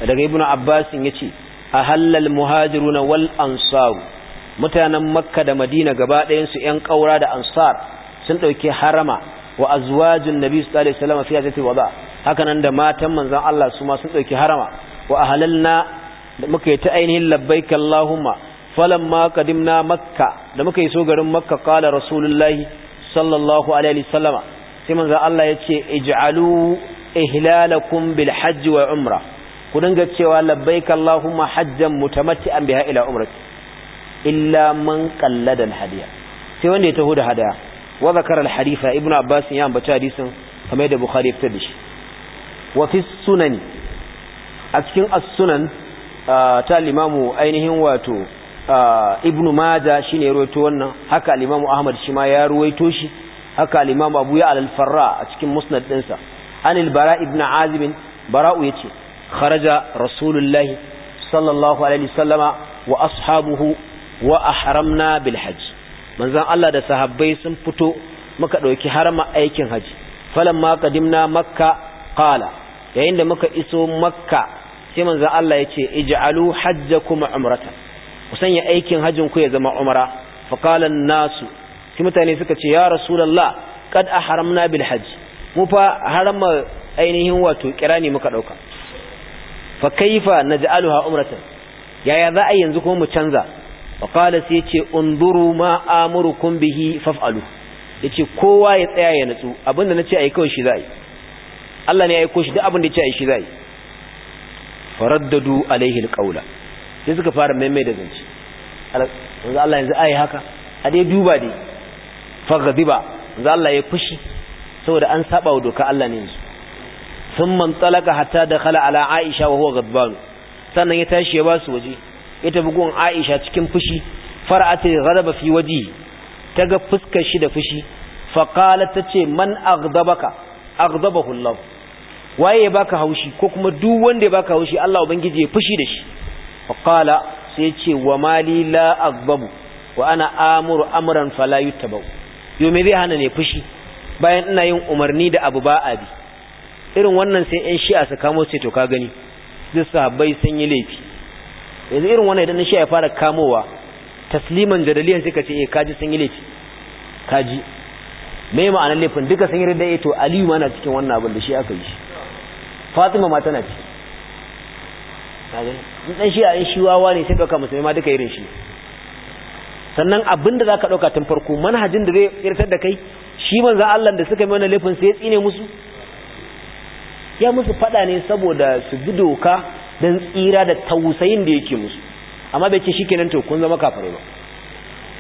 Speaker 1: daga ibnu abbasin yace ahallal muhajiruna wal ansar mutanen makka da madina gaba ɗayan su ƴan ƙaura da ansar sun dauke harama wa azwajun nabi sallallahu alaihi wasallam fiya hadhihi wada haka nan da matan manzon Allah su ma sun dauke harama wa ahlalna da muka yi ta ainihin labbaik allahumma falamma qadimna makka da muka yi so garin makka qala rasulullahi sallallahu alaihi wasallama sai manzon Allah yace ij'alu ihlalakum bil hajj wa umrah ku dinga cewa labbaika Allahumma hajjan an biha ila umrati illa man qallada al-hadiya sai wanda ya taho da hadaya wa zakara al-harifa ibnu abbas ya ambaci hadisin kamar da bukhari ya fitar wa fi a cikin as-sunan ta limamu ainihin wato ibnu majah shine ya ruwaito wannan haka limamu ahmad shi ma ya ruwaito shi haka limamu abu ya al-farra a cikin musnad dinsa anil bara ibnu azib bara'u yace kharaja rasulullahi sallallahu alaihi wasallama wa ashabuhu wa ahramna bil hajj manzon Allah da sahabbai sun fito muka dauki harama aikin haji falamma qadimna makka qala yayin da muka iso makka sai manzon Allah yace ij'alu hajjakum umratan ku sanya aikin hajin ku ya zama umra fa qala nasu sai mutane suka ce ya rasulullah qad ahramna bil hajj mu fa harama ainihin wato kirani muka dauka fa kaifa naj'aluha umratan yaya za a yanzu kuma mu canza wa qala sai yace unduru ma amurukum bihi faf'alu yace kowa ya tsaya ya natsu abinda nace ai kawai shi zai Allah ne ya aiko shi duk abinda yace ai shi zai faraddadu alaihi alqaula sai suka fara maimai da zance yanzu Allah yanzu ai haka a dai duba dai gadiba yanzu Allah ya fushi saboda an saba wa doka Allah ne yanzu sun mantsalaka hatta kala ala aisha wa huwa ghadban sannan ya tashi ya basu waje ya tafi gun aisha cikin fushi fara'at ghadaba fi waji ga fuskar shi da fushi fa qalat tace man aghdabaka aghdabahu Allah waye ya baka haushi ko kuma duk wanda ya baka haushi Allah ubangiji ya fushi da shi fa qala sai ya ce wa mali la aghdabu wa ana amuru amran fala yutabau yo me zai hana ne fushi bayan ina yin umarni da abu ba abi irin wannan sai yan shi'a su kamo su to ka gani duk sahabbai sun yi laifi yanzu irin wannan idan shi'a ya fara kamowa tasliman jadaliyan sai ka ce eh kaji sun yi laifi kaji me ma'anar laifin duka sun yi da eh, to aliyu ma na cikin wannan abin da shi aka yi fatima ma tana ciki in dan shi a yin shiwawa ne sai ɗauka musulmi ma duka irin shi sannan abin da za ka ɗauka tun farko manhajin da zai irtar da kai shi manzan allah da suka yi wannan laifin sai ya tsine musu ya musu fada ne saboda su bi doka don tsira da tausayin da yake musu amma bai ce shikenan to kun zama kafare ba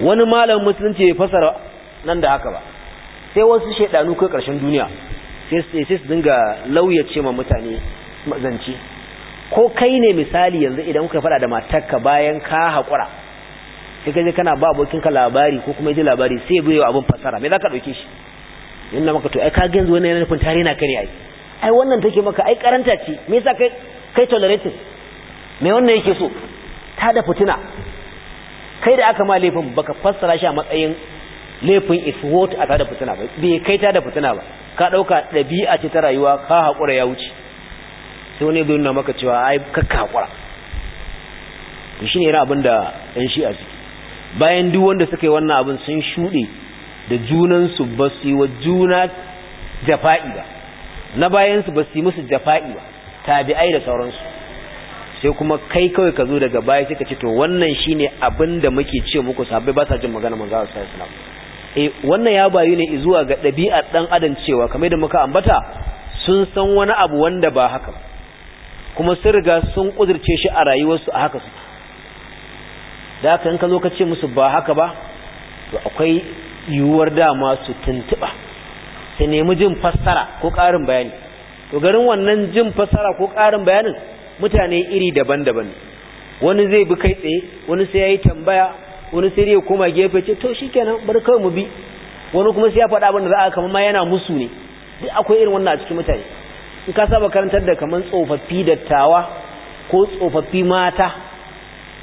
Speaker 1: wani malam musulunci ya fasara nan da haka ba sai wasu shaidanu kai karshen duniya sai su dinga lauya ce ma mutane zance ko kai ne misali yanzu idan kuka fada da matarka bayan ka haƙura sai kai je kana ba abokinka labari ko kuma ji labari sai ya biyo abin fasara me za ka ɗauke shi in maka to ai ka ga yanzu wannan yana nufin tare na kare ai ai wannan take maka ai karanta ce me yasa kai kai tolerating me wannan yake so ta da fitina kai da aka ma laifin baka fassara shi a matsayin laifin is what a ta da fitina ba bai kai ta da fitina ba ka dauka dabi'a ce ta rayuwa ka hakura ya wuce sai wani bai nuna maka cewa ai ka hakura to shine yana abin da yan a ciki bayan duk wanda suka yi wannan abin sun shuɗe da junansu ba su yi wa juna jafa'i ba na bayansu ba su yi musu jafa'i ba tabi'ai da sauransu sai kuma kai kawai ka zo daga baya sai ka ce to wannan shine abin da muke ce muku sabai ba sa jin magana manzo sallallahu alaihi wasallam eh wannan ya bayu ne zuwa ga ɗabi'ar ɗan adam cewa kamar da muka ambata sun san wani abu wanda ba haka kuma sun riga sun kudirce shi a rayuwarsu a haka su da haka in ka zo ka ce musu ba haka ba to akwai yiwuwar dama su tuntuɓa ta nemi jin fassara ko ƙarin bayani to garin wannan jin fassara ko ƙarin bayanin mutane iri daban-daban wani zai bi kai tsaye wani sai ya yi tambaya wani sai ya koma gefe ce to shikenan bar kawai mu bi wani kuma sai ya faɗa abin da za a kama ma yana musu ne duk akwai irin wannan a cikin mutane in ka saba karantar da kamar tsofaffi dattawa ko tsofaffi mata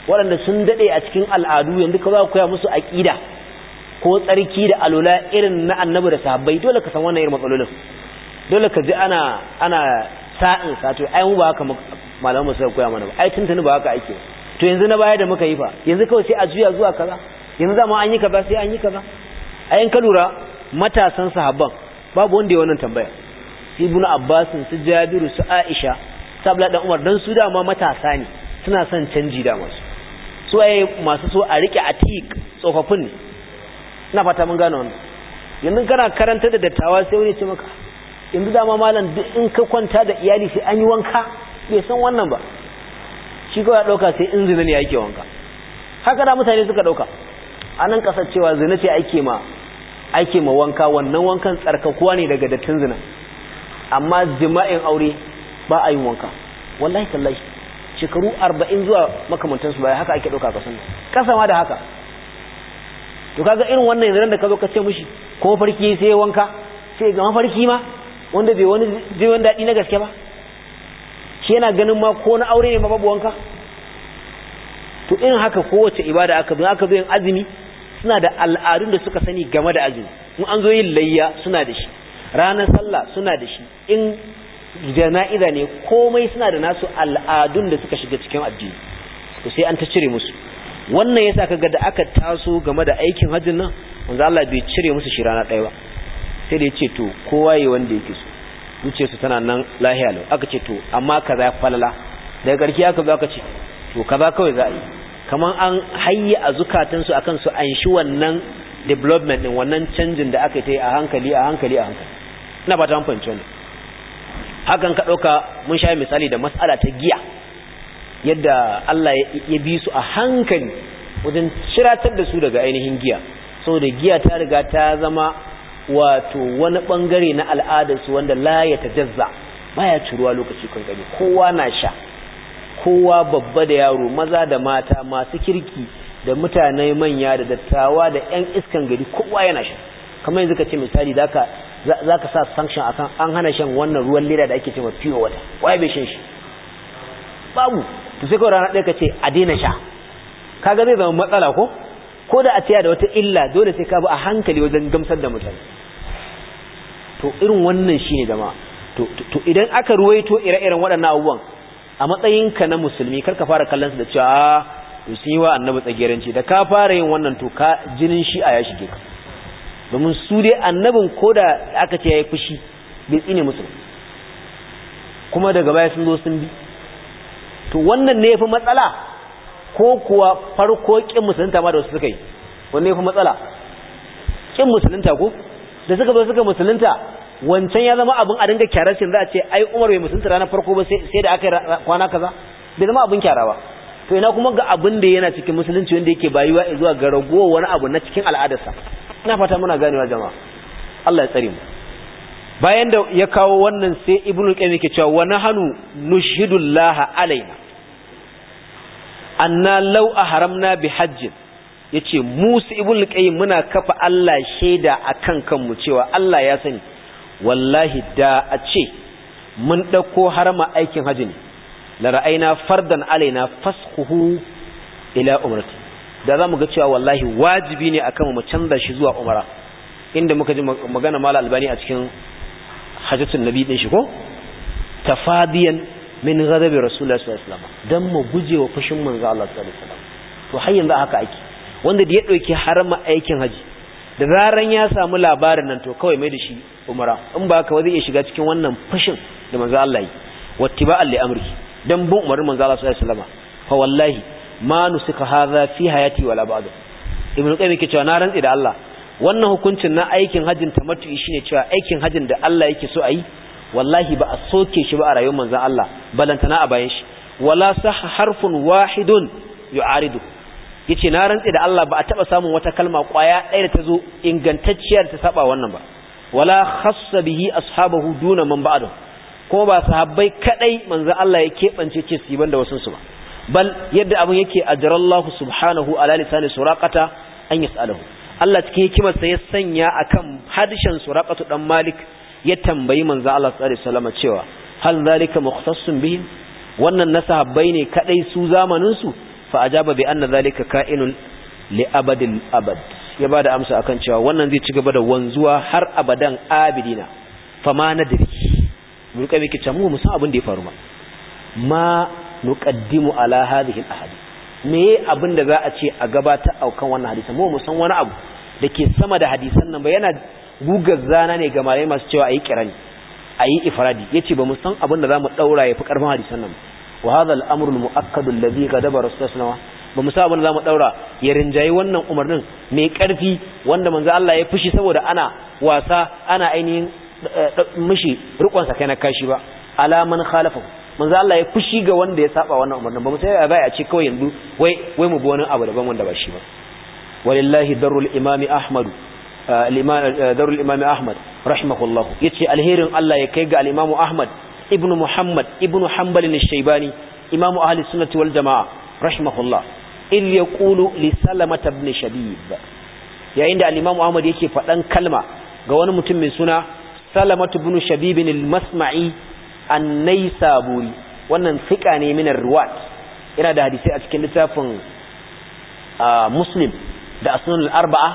Speaker 1: waɗanda sun daɗe a cikin al'adu yanzu ka za ku koya musu aƙida ko tsarki da alula irin na annabi da sahabbai dole ka san wannan irin matsalolin dole ka ji ana ana sa'in to ai mu ba haka malamu suka koya mana ba ai tuntuni ba haka ake to yanzu na baya da muka yi fa yanzu kawai sai a juya zuwa kaza yanzu zama an yi kaza sai an yi kaza ai in ka lura matasan sahabban babu wanda ya wannan tambaya ibnu Abbas, su jabir su aisha sabla dan umar dan su dama matasa ne suna son canji da masu su ai masu so a rike atik tsofaffin na fata mun gane wannan yanzu kana karanta da dattawa sai wani ce maka yanzu dama malam duk in ka kwanta da iyali sai an yi wanka bai san wannan ba shi kawai ɗauka sai in zina ne ake wanka haka da mutane suka ɗauka a nan ƙasar cewa zina ce ake ma ake ma wanka wannan wankan tsarka tsarkakuwa ne daga dattin zina amma jima'in aure ba a yin wanka wallahi tallahi shekaru arba'in zuwa makamantansu baya haka ake ɗauka a ƙasa ma da haka to kaga irin wannan yanzu da ka zo ka ce mishi ko farki sai wanka sai ga mafarki ma wanda bai wani jiwon daɗi na gaske ba shi yana ganin ma ko na aure ne ma babu wanka to irin haka kowace ibada aka bi aka zo yin azumi suna da al'adun da suka sani game da azumi in an zo yin layya suna da shi ranar sallah suna da shi in jana'iza ne komai suna da nasu al'adun da suka shiga cikin addini sai an ta cire musu wannan yasa kaga da aka taso game da aikin hajjin nan wanda Allah bai cire musu shi rana ɗaya ba sai da yace to kowa yi wanda yake so wuce su tana nan lahiya lau aka ce to amma ka za falala daga garki aka zo aka ce to ka za kawai za a yi kaman an hayi a zukatansu a akan su an shi wannan development din wannan canjin da aka yi a hankali a hankali a hankali ina ba ta hankali hakan ka ɗauka mun sha misali da mas'ala ta giya yadda Allah ya bi su a hankali wajen shiratar da su daga ainihin giya saboda giya ta riga ta zama wato wani bangare na al'adarsu wanda la ya tajazza baya ciruwa lokaci kan gani kowa na sha kowa babba da yaro maza da mata masu kirki da mutane manya da dattawa da yan iskan gari kowa yana sha kamar yanzu ka ce misali zaka zaka sa sanction akan an hana shan wannan ruwan leda da ake cewa pure water wai bai shan shi babu to sai kawai rana ɗaya ka ce a daina sha kaga zai zama matsala ko ko da a tsaya da wata illa dole sai ka bi a hankali wajen gamsar da mutane to irin wannan shine zama to idan aka ruwaito ire-iren waɗannan abubuwan a matsayin ka na musulmi karka fara kallon su da cewa ah, to sun yi wa annabi tsageranci da ka fara yin wannan to ka jinin shi'a ya shige ka domin su dai annabin koda aka ce ya yi fushi bai tsine musu kuma daga baya sun zo sun bi to wannan ne fi matsala ko kuwa farko kin musulunta ma da wasu suka yi wannan fi matsala kin musulunta ko da suka zo suka musulunta wancan ya zama abin a dinga kyarar shi za a ce ai Umar bai musulunta ranar farko ba sai da aka yi kwana kaza bai zama abin kyara ba to ina kuma ga abin da yana cikin musulunci wanda yake bayuwa zuwa ga ragowar wani abu na cikin al'adarsa ina fata muna ganewa jama'a Allah ya tsare mu bayan da ya kawo wannan sai ibnu qayyim yake cewa wa nahnu llaha alaina anna law ahramna bi hajj yace mu su ibnu qayyim muna kafa Allah shaida akan kanmu cewa Allah ya sani wallahi da a ce mun dauko harama aikin haji ne la ra'ayna fardan alaina fasquhu ila umrati da zamu ga cewa wallahi wajibi ne akan mu canza shi zuwa umara inda muka ji magana mala albani a cikin hajjatun nabi din shi ko tafadiyan min ghadabi rasulullahi sallallahu alaihi wasallam dan mu gujewa fushin manzo Allah sallallahu alaihi wasallam to har yanzu haka ake wanda da ya dauki harama aikin haji da zaran ya samu labarin nan to kawai mai da shi umara in ba ka zai iya shiga cikin wannan fushin da manzo Allah yi wattiba'an li amri dan bin umarin manzo Allah sallallahu alaihi wasallam fa wallahi ma nusika hadha fi hayati wala ba'd ibnu qayyim yake cewa na rantsi da Allah wannan hukuncin na aikin hajjin tamattu ne cewa aikin hajjin da Allah yake so a yi wallahi ba a soke shi ba a rayuwar manzon Allah balantana a bayan shi wala sah harfun wahidun yu'aridu yace na rantsi da Allah ba a taba samun wata kalma kwaya ɗaya da tazo ingantacciyar ta saba wannan ba wala khassa bihi ashabahu duna man ba'dahu ko ba sahabbai kadai manzon Allah ya kebance ce su ban da wasun su ba bal yadda abun yake ajrallahu subhanahu ala lisani suraqata an yas'aluhu Allah cikin hikimarsa ya sanya akan harshen su raqatu dan malik ya tambayi manzo Allah sallallahu alaihi cewa hal zalika mukhtassun bihin. wannan na sahabbai ne kadai su zamanin su fa ajaba bi anna zalika ka'inun li abadin abad ya bada amsa akan cewa wannan zai ci gaba da wanzuwa har abadan abidina na nadri mun kai miki tamu mu san abin da ya faru ma ma nuqaddimu ala hadhihi al ahadith me abin da za a ce a gabata a kan wannan hadisan mu musan wani abu da ke sama da hadisan nan ba yana gugar zana ne ga malai masu cewa ayi kirani ayi ifradi yace ba mu san abin da za mu daura ya fi karfin hadisan nan wa hadha al da al-mu'akkad alladhi ghadaba rasulullah ba mu sa abin da za mu daura ya rinjayi wannan umarnin mai karfi wanda manzo Allah ya fushi saboda ana wasa ana ainihin eh, mishi sa kai na kashi ba alaman khalafahu manzo Allah ya fushi ga wanda ya saba wannan umarnin ba mu sai bai a ce kawai yanzu wai wai mu bi wani abu daban wanda ba shi ba walillahi darul imami ahmad uh, uh, darul imami ahmad rahimahullahu yace alherin Allah ya kai ga al-imamu ahmad ibnu muhammad ibnu hanbal al-shaybani imamu ahli sunnati wal jamaa rahimahullah il yaqulu li salama ibn shabib yayin da al-imamu ahmad yake fadan kalma ga wani mutum mai suna salama ibn shabib al-masma'i annai naisaburi wannan fiqa ne min ar-ruwat yana da hadisai a cikin littafin ah, muslim da asnul arba'a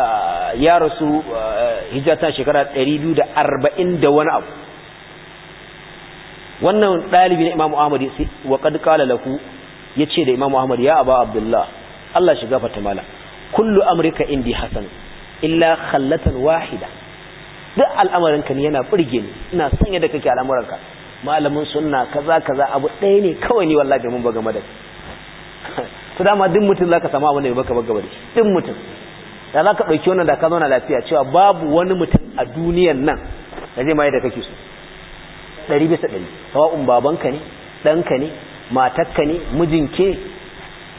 Speaker 1: ah, ya rasu ah, hijjata shekara 240 da wani abu wannan dalibi na imamu ahmad wa qad qala yace da imamu ahmad ya aba abdullah Allah shiga fata mala kullu amrika indi hasan illa khallatan wahida duk al'amarinka ne yana burge ni ina sanya da kake al'amuranka malamin sunna kaza kaza abu ɗaya ne kawai ni wallahi mun ba game da to dama duk mutum zaka samu abin da baka ba game da shi duk mutum da zaka dauki wannan da ka zauna lafiya cewa babu wani mutum a duniyan nan da zai mai da kake so ɗari bisa ɗari sawa'un babanka ne ɗanka ne matakka ne mijinke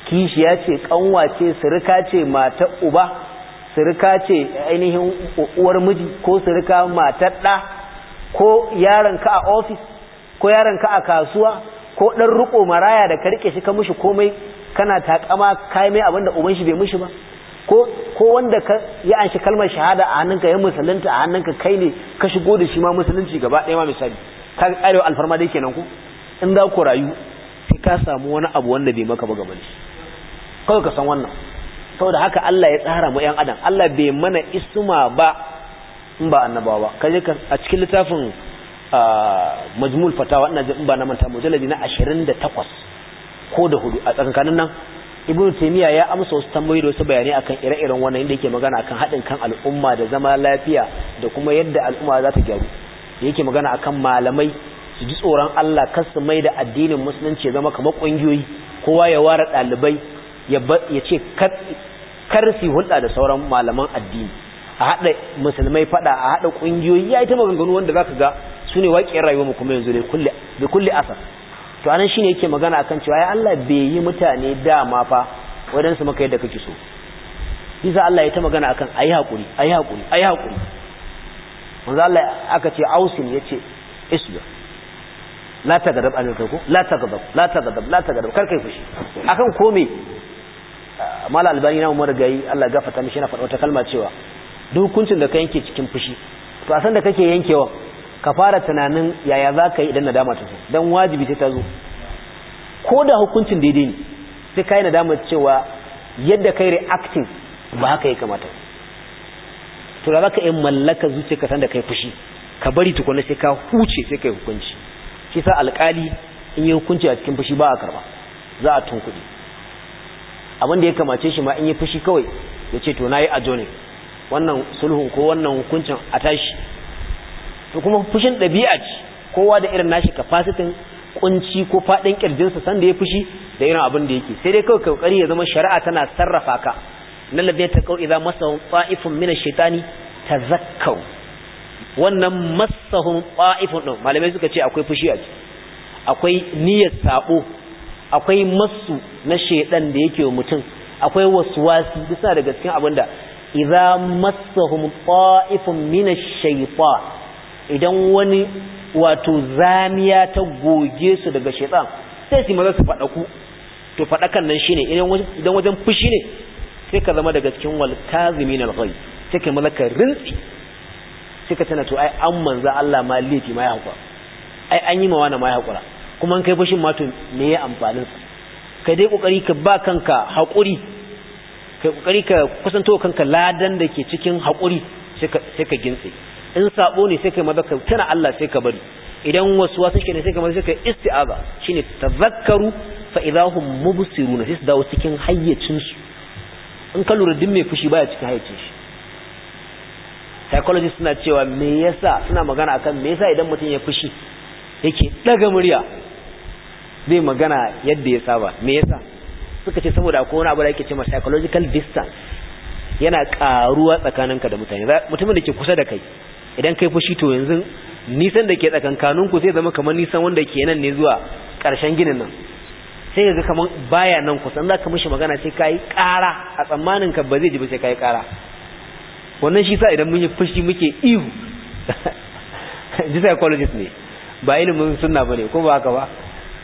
Speaker 1: kishiya ce kanwa ce sirika ce mata uba surika ce ainihin uwar miji ko surika matar ɗa ko ka a ofis ko ka a kasuwa ko ɗan riko maraya da ka rike shi ka mushi komai kana takama kai mai abinda uban shi bai mushi ba ko ko wanda ka yi an shi kalmar shahada a hannunka ya musulunta a hannunka kai ne ka shigo da shi ma musulunci gaba ɗaya ma misali ka arewa alfarma dai kenan ku in za ku rayu sai ka samu wani abu wanda bai maka ba gaba ne kawai ka san wannan saboda haka Allah ya tsara mu yan adam Allah bai mana isma ba in ba annaba ba kaje ka a cikin littafin majmul fatawa ina jin ba na manta mujalladi na 28 ko da hudu a tsakankanin nan ibnu taymiya ya amsa wasu tambayoyi da wasu bayanai akan ire-iren wannan inda yake magana akan haɗin kan al'umma da zama lafiya da kuma yadda al'umma za ta gyaru yake magana akan malamai su ji tsoron Allah kar su mai da addinin musulunci zama kamar ƙungiyoyi kowa ya ware ɗalibai ya ce kar su hulɗa da sauran malaman addini a haɗa musulmai faɗa a haɗa ƙungiyoyi ya yi ta maganganu wanda za ka ga su ne rayuwa rayuwar kuma yanzu da kulle asar to anan shi ne yake magana a kan cewa ya Allah bai yi mutane dama fa waɗansu maka yadda kake so yanzu Allah ya ta magana a a ayi haƙuri ayi haƙuri ayi haƙuri wanzu Allah aka ce ausin ce isbir la tagadab an ko la gadab la gadab la tagadab kar kai fushi akan kome mala albani na umar gayi Allah gafarta mishi yana faɗa wata kalma cewa duk hukuncin da ka yanke cikin fushi to a san da kake yankewa ka fara tunanin yaya za ka yi idan nadama ta zo don wajibi sai ta zo ko da hukuncin daidai ne sai ka yi nadama cewa yadda kai reacting ba haka ya kamata to da za yi mallaka zuciya ka san da kai fushi ka bari tukuna sai ka huce sai ka yi hukunci shi sa alkali in yi hukunci a cikin fushi ba a karba za a tunkuɗe Abinda ya kamace shi ma in yi fushi kawai ya ce to na yi ajo ne wannan sulhun ko wannan hukuncin a tashi to kuma fushin ɗabi'a ce kowa da irin nashi kafasitin kunci ko faɗin ƙirjinsa sanda ya fushi da irin abin da yake sai dai kawai kokari ya zama shari'a tana sarrafa ka na ladina ta kau idan masahum ta'ifun mina shaitani ta zakkau. wannan masahum ta'ifun ɗin malamai suka ce akwai fushi a ce. akwai niyyar saɓo akwai masu na shaidan da yake wa mutum akwai waswasi bisa daga cikin abinda idza massahum ta'ifun min ash-shaytan idan wani wato zamiya ta goge su daga shaytan sai su maza su fadaku to fadakan nan shine idan wajen idan wajen fushi ne sai ka zama daga cikin wal kazimin al-ghayb sai ka malaka rinsi sai ka tana to ai an manza Allah ma laifi ma ya hakura ai an yi na ma ya hakura kuma kai fushin ma to me ya amfanin sa kai dai kokari ka ba kanka haƙuri kai kokari ka kusanto kanka ladan da ke cikin haƙuri sai ka gintse in sabo ne sai kai maza ka tana Allah sai ka bari idan wasu wasu ne sai ka maza sai ka isti'aza shine tazakkaru fa idahum mubsiruna sai dawo cikin hayyacin su in ka lura din mai fushi baya cikin hayyacin shi psychologist suna cewa me yasa suna magana akan me yasa idan mutum ya fushi yake daga murya zai magana yadda ya saba me yasa suka ce saboda akwai wani abu da yake cewa psychological distance yana karuwa tsakaninka da mutane mutumin da ke kusa da kai idan kai fushi to yanzu nisan da ke tsakankaninku zai zama kamar nisan wanda ke nan ne zuwa karshen ginin nan sai ga kamar baya nan kusa za ka mishi magana sai kai kara a tsammanin ka ba zai ji ba sai kai kara wannan shi sa idan mun yi fushi muke ihu ji psychologist ne ba ilimin sunna bane ko ba haka ba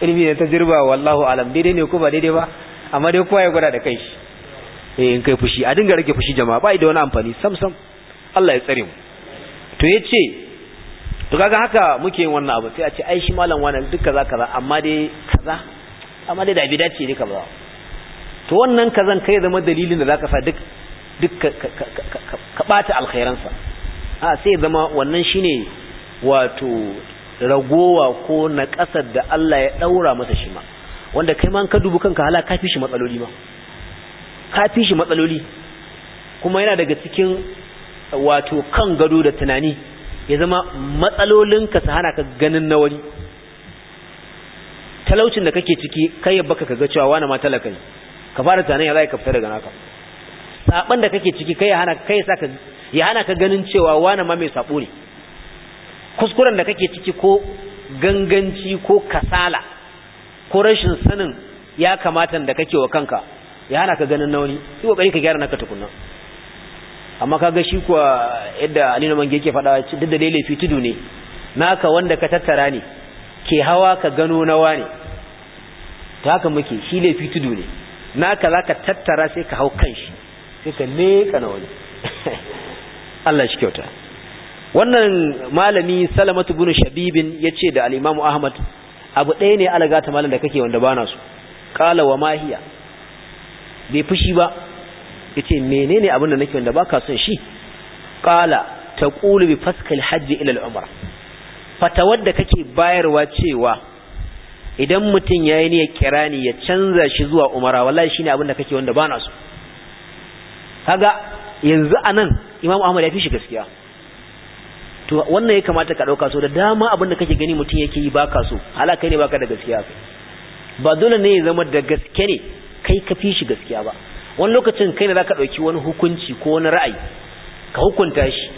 Speaker 1: ilimi ne ta jirba wallahu alam daidai ne ko ba daidai ba amma dai kowa ya gwada da kai shi eh in kai fushi a dinga rage fushi jama'a ba da wani amfani sam sam Allah ya tsare mu to yace to kaga haka muke yin wannan abu sai a ce ai shi malam wannan duk kaza kaza amma dai kaza amma dai da bi dace ne kaza to wannan kazan kai zama dalilin da zaka sa duk duk ka bata alkhairansa a sai zama wannan shine wato ragowa ko na ƙasar da Allah ya ɗaura masa shi ma wanda kai ma ka dubu kanka hala ka fi shi matsaloli ma ka fi shi matsaloli kuma yana daga cikin wato kan gado da tunani ya zama matsalolinka su hana ka ganin na wani talaucin da kake ciki kai ya baka ga cewa wani ma talaka ne ka fara tunanin ya za ka fita daga naka saban da kake ciki kai ya hana kai sa ka ya hana ka ganin cewa wani ma mai sabo ne kuskuren da kake ciki ko ganganci ko kasala ko rashin sanin ya kamata da kake wa kanka ya hana ka ganin nauni yi kokari ka gyara naka tukunna amma kaga shi kuwa yadda Alina Mange yake faɗa duk da laifi tudu ne naka wanda ka tattara ne ke hawa ka gano nawa ne to haka muke shi laifi tudu ne naka zaka tattara sai ka hau kanshi sai ka leka na wani Allah shi kyauta wannan malami salamatu bin shabibin ya ce da al'imamu ahmad abu ɗaya ne alagata malam da kake wanda bana su ƙala wa mahiya bai fushi ba ya ce menene abin da nake wanda ba ka son shi ƙala ta ƙulu bi faskal hajji ilal umar fatawar wadda kake bayarwa cewa idan mutum ya yi niyyar kirani ya canza shi zuwa umara wallahi shine abin da kake wanda bana su? kaga yanzu anan imam ahmad ya fi shi gaskiya to wannan ya kamata ka dauka so da dama abin da kake gani mutum yake yi baka so kai ne baka da gaskiya ba dole ne ya zama da gaske ne kai ka fi shi gaskiya ba wani lokacin kai ne ka dauki wani hukunci ko wani ra'ayi ka hukunta shi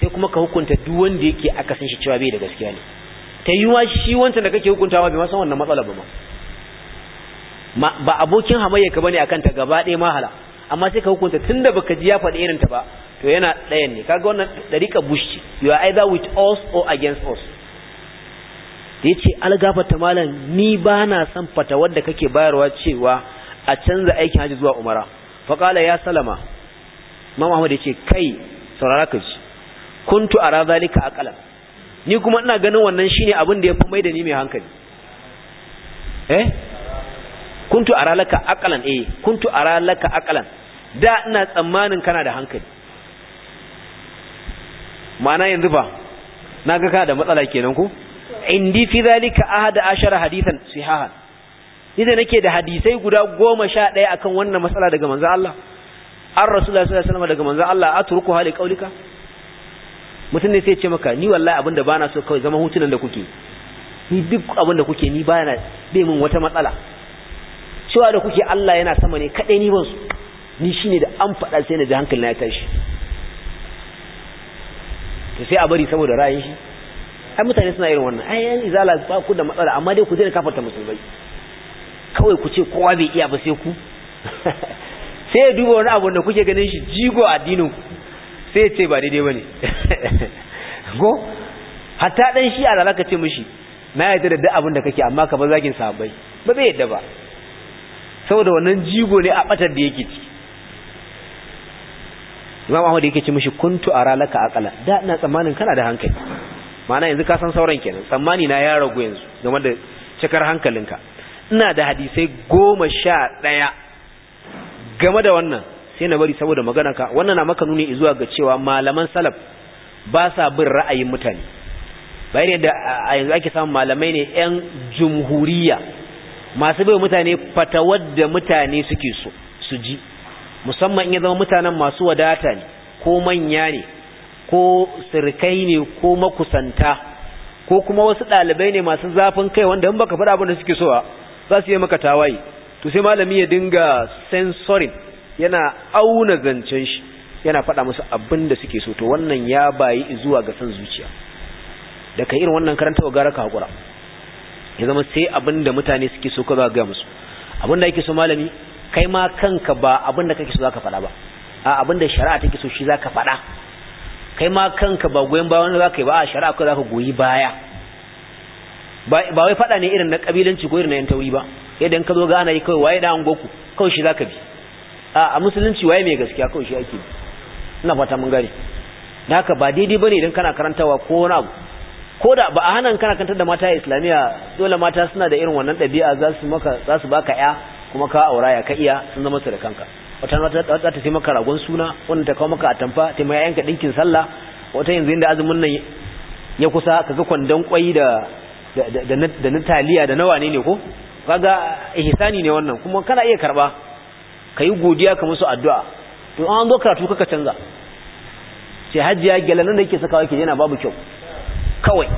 Speaker 1: sai kuma ka hukunta duk wanda yake aka san shi cewa bai da gaskiya ne ta yiwa shi wancan da kake ba bai ma san wannan matsala ba ma ba abokin hamayya ka bane akan ta gaba ɗaya hala amma sai ka hukunta tunda baka ji ya faɗi irin ta ba to yana ɗayan ne kaga wannan dariƙa bushi you are either with us or against us da ya ce algafata malam ni ba na son fata wadda kake bayarwa cewa a canza aikin hajji zuwa umara faƙala ya salama ma muhammad ya ce kai saurara ka ji kuntu ara zalika aqalan ni kuma ina ganin wannan shine abin da yafi mai da ni mai hankali eh kuntu ara laka aqalan eh kuntu ara laka aqalan da ina tsammanin kana da hankali ma'ana yanzu ba na ga ka da matsala kenan ku. indi fi zalika ahada ashara hadithan sihahan ni da nake da hadisai guda goma sha ɗaya akan wannan matsala daga manzo Allah an rasulullahi sallallahu alaihi wasallam daga manzo Allah atruku hali qaulika mutum ne sai ce maka ni wallahi abinda bana so kai zama hutunan da kuke ni duk abinda kuke ni bana bai min wata matsala cewa da kuke Allah yana sama ne kadai ni ban su ni shine da an faɗa sai na ji hankalina ya tashi to sai a bari saboda ra'ayin shi ai mutane suna irin wannan ai yan izala ba ku da matsala amma dai ku zai kafarta musulmai kawai ku ce kowa bai iya ba sai ku sai ya duba wani abu da kuke ganin shi jigo addinin ku sai ya ce ba daidai bane go hatta dan shi ala zaka ce mishi na yadda da duk abin da kake amma ka ba zagin sahabbai ba zai yadda ba saboda wannan jigo ne a batar da yake ciki imam ahmad yake ce mishi kuntu ara laka aqala da ina tsammanin kana da hankali ma'ana yanzu ka san sauran kenan tsammani na ya ragu yanzu game da cikar hankalinka ina da hadisai goma sha ɗaya game da wannan sai na bari saboda magana ka wannan na maka nuni zuwa ga cewa malaman salaf ba sa bin ra'ayin mutane bayan yadda a yanzu ake samun malamai ne 'yan jumhuriya masu bai mutane fatawar da mutane suke so su ji musamman in ya zama mutanen masu wadata ne ko manya ne ko sirkai ne ko makusanta ko kuma wasu ɗalibai ne masu zafin kai wanda in baka faɗa abin da suke so za su yi maka tawaye to sai malami ya dinga sensorin yana auna zancen shi yana faɗa musu abin da suke so to wannan ya bayi zuwa ga san zuciya da kai irin wannan karanta gara ka hakura ya zama sai abin da mutane suke so ka za ga musu abin da ake so malami kai ma kanka ba abin da kake so zaka faɗa ba a abin da shari'a take so shi zaka faɗa kai ma kanka ba goyen bayan wanda zaka yi ba a shari'a ko zaka goyi baya ba wai faɗa ne irin na kabilanci ko irin na yan tauri ba idan ka zo ga ana yi kawai waye da angoku kawai shi zaka bi a a musulunci waye mai gaskiya kawai shi ake ina fata mun gane da haka ba daidai bane idan kana karantawa ko wani abu ko da ba a hanan kana kantar da mata islamiya dole mata suna da irin wannan ɗabi'a za su maka za su baka ya kuma ka aura ya ka iya sun zama su da kanka wata za ta sai maka ragon suna wanda ta kawo maka atamfa ta mai yanka dinkin sallah wata yanzu inda azumin nan ya kusa ga kwandon kwai da da na taliya da na wane ne ko kaga ihsani ne wannan kuma kana iya karba kayi godiya ka musu addu'a to an zo karatu kaka canza sai gelan nan da yake sakawa yake yana babu kyau kawai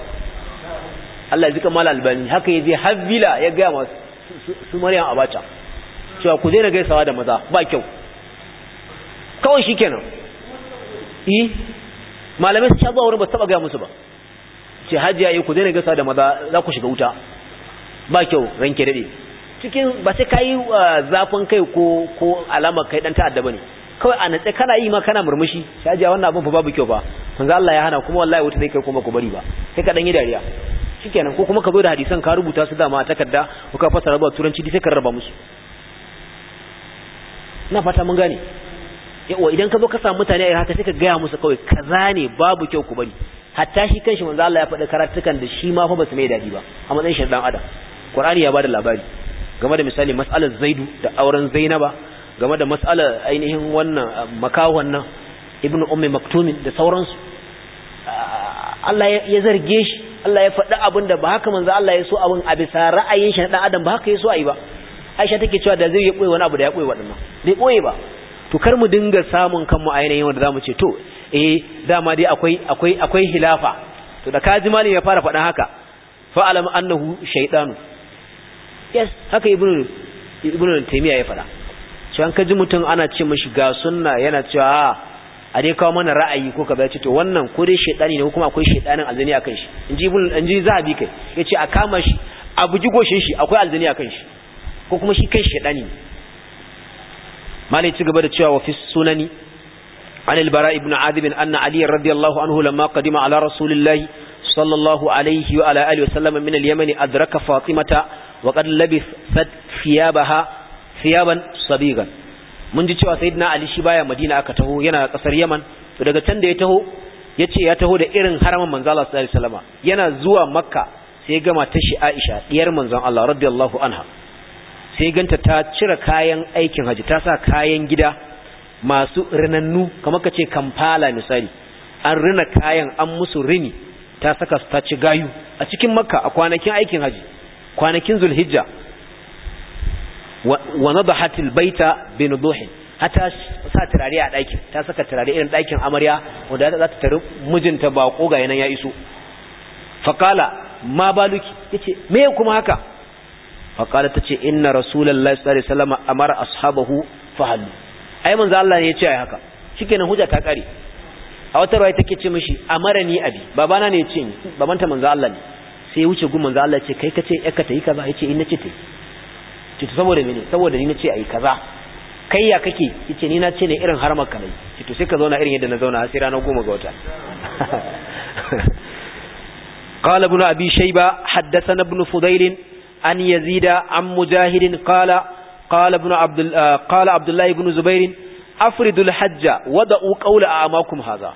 Speaker 1: Allah ya zika mala albani haka yaje habila ya ga masu su Maryam Abacha cewa ku na gaisawa da maza ba kyau kawai shikenan yi eh, malamai su shabuwa wurin ba taba gaya musu ba ce hajiya yi eh, ku na gaisawa da maza za ku shiga wuta ba kyau ranke daɗe. cikin ba sai ka yi uh, zafin kai ko ko alama kai dan ta'adda bane kawai a natse kana yi ma kana murmushi shi hajiya wannan abin fa babu kyau ba manzo Allah ya hana kuma wallahi wuta zai kai kuma ku bari ba sai ka dan yi dariya shikenan ko kuma ka zo da hadisan ka rubuta su dama a takarda ko ka fasara zuwa turanci sai ka raba musu na fata mun gane yawa idan ka zo ka samu mutane a haka sai ka gaya musu kawai kaza ne babu kyau ku bari hatta shi kanshi manzo Allah ya faɗi karatukan da shi ma fa basu mai dadi ba a matsayin shi dan adam Qur'ani ya bada labari game da misali mas'alar Zaidu da auren Zainaba game da mas'alar ainihin wannan ah, makawan nan Ibn Ummi Maktumin da sauransu ah, Allah ya zarge shi Allah ya faɗi abin da ba haka manzo Allah ya so abin a bisa ra'ayin shi dan adam ba haka ya so ayi ba aisha take cewa da zai ya koyi wani abu da ya koyi waɗannan bai koyi ba to kar mu dinga samun kanmu a yanayin wanda zamu ce to eh dama dai akwai akwai akwai hilafa to da kaji malin ya fara faɗan haka fa alam annahu shaytanu yes haka ibnu ibnu taymiya ya faɗa to an kaji mutum ana ce mishi ga sunna yana cewa ah, a dai kawo mana ra'ayi ko kaza ce to wannan ko dai shaytani ne ko kuma akwai shaytanin aljani akan shi inji ibnu inji zabi kai yace a kama shi a bugi goshin shi akwai aljani akan shi ko kuma shi kai shaɗani malai ci gaba da cewa wafi sunani an albara ibn adibin anna aliyar radiyallahu anhu lamma qadima ala rasulillahi sallallahu alaihi wa ala alihi wasallam min alyamani adraka fatimata wa qad labith sad thiyabaha thiyaban mun ji cewa sayyidina ali shi baya madina aka taho yana kasar yaman to daga can da ya taho yace ya taho da irin haramin manzo Allah sallallahu alaihi yana zuwa makka sai ya gama shi aisha ɗiyar manzon Allah radiyallahu anha sai ganta ta cire kayan aikin haji ta sa kayan gida masu rinannu kamar ka ce kamfala misali an rina kayan an musu rini ta saka su ta ci gayu a cikin makka a kwanakin aikin haji kwanakin zulhijja wa nadahatil baita bi nuduhin hata sa turare a ɗakin ta saka turare irin ɗakin amarya wanda za ta tari mijinta ba ko ga yanan ya iso faƙala ma baluki yace me kuma haka faqala tace inna rasulullahi sallallahu alaihi wasallam amara ashabahu fahallu ai manzo Allah ne ya ce ai haka shikenan hujja ta kare a wata ruwaya take ce mishi ni abi babana ne ya ce babanta manzo Allah ne sai ya wuce gun manzo Allah ya ce kai kace yakka tayi kaza ce in nace tayi ce saboda mene saboda ni nace yi kaza kai ya kake yace ni na ce ne irin har ka ne to sai ka zauna irin yadda na zauna sai ranar goma ga wata قال ابن أبي شيبة حدثنا ابن فضيل an yazida an mujahidin qala qala ibn abdul qala ibn zubair afridul hajja wada'u qawla amakum hadha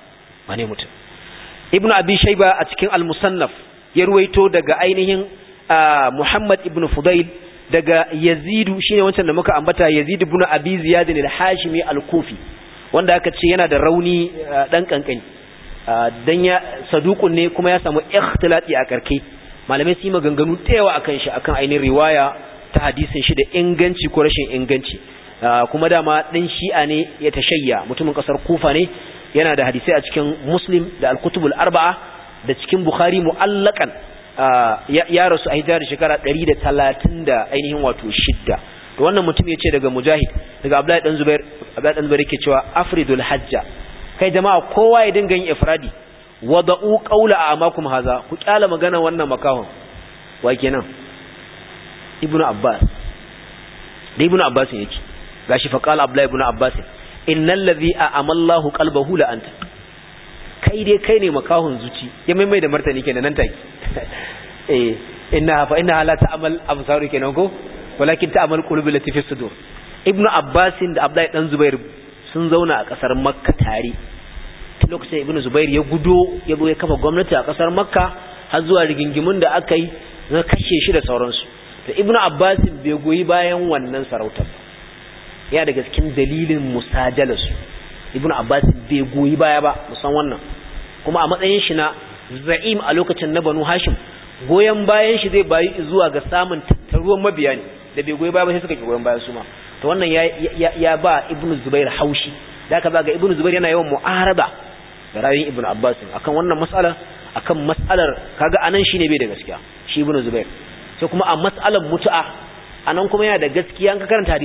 Speaker 1: mane mutum ibn abi shayba a cikin al-musannaf ya ruwaito daga ainihin muhammad ibn fudail daga yazidu shine wancan da muka ambata yazid ibn abi ziyad al-hashimi al-kufi wanda aka ce yana da rauni dan kankani dan ya saduqun ne kuma ya samu ikhtilati a karkai malamai su yi maganganu ta yawa akan shi akan ainihin riwaya ta hadisin shi da inganci ko rashin inganci ah, kuma dama ɗin shi'a ne ya tashayya mutumin ƙasar kufa ne yana da hadisai a cikin muslim da alkutubul arba'a da cikin bukhari mu'allakan ah, ya rasu a hijira da shekara ɗari da talatin da ainihin wato shidda da wannan mutum ya ce daga mujahid daga abdullahi Dan zubair abdullahi ɗan zubair yake cewa afridul hajja kai jama'a kowa ya dinga yin ifradi wada'u qawla amakum haza ku kyala magana wannan makahon wa kenan ibnu abbas da ibnu abbas yake gashi fa qala Abdullahi ibnu abbas innal ladhi a'amallahu qalbahu la anta kai dai kai ne makahon zuci ya mai da martani kenan nan take eh inna fa inna la ta'mal absaru kenan ko walakin ta'mal qulubi lati fi sudur ibnu abbas da Abdullahi dan zubair sun zauna a kasar makka tare lokacin ibn zubair ya gudo ya zo ya kafa gwamnati a kasar makka har zuwa rigingimun da aka yi na kashe shi da sauransu to ibn abbas bai goyi bayan wannan sarautar ya daga cikin dalilin musajalasu ibn abbas bai goyi baya ba musan wannan kuma a matsayin shi na za'im a lokacin na banu hashim goyon bayan shi zai bayi zuwa ga samun tattaruwan mabiya ne da bai goyi baya ba sai suka ki goyon bayan su ma to wannan ya ba ibn zubair haushi da aka ga ibn zubair yana yawan mu'arada da ra'ayin ibnu abbas akan wannan mas'ala akan mas'alar kaga anan shine bai da gaskiya shi ibnu zubair sai kuma a mas'alar mutu'a anan kuma yana da gaskiya an ka karanta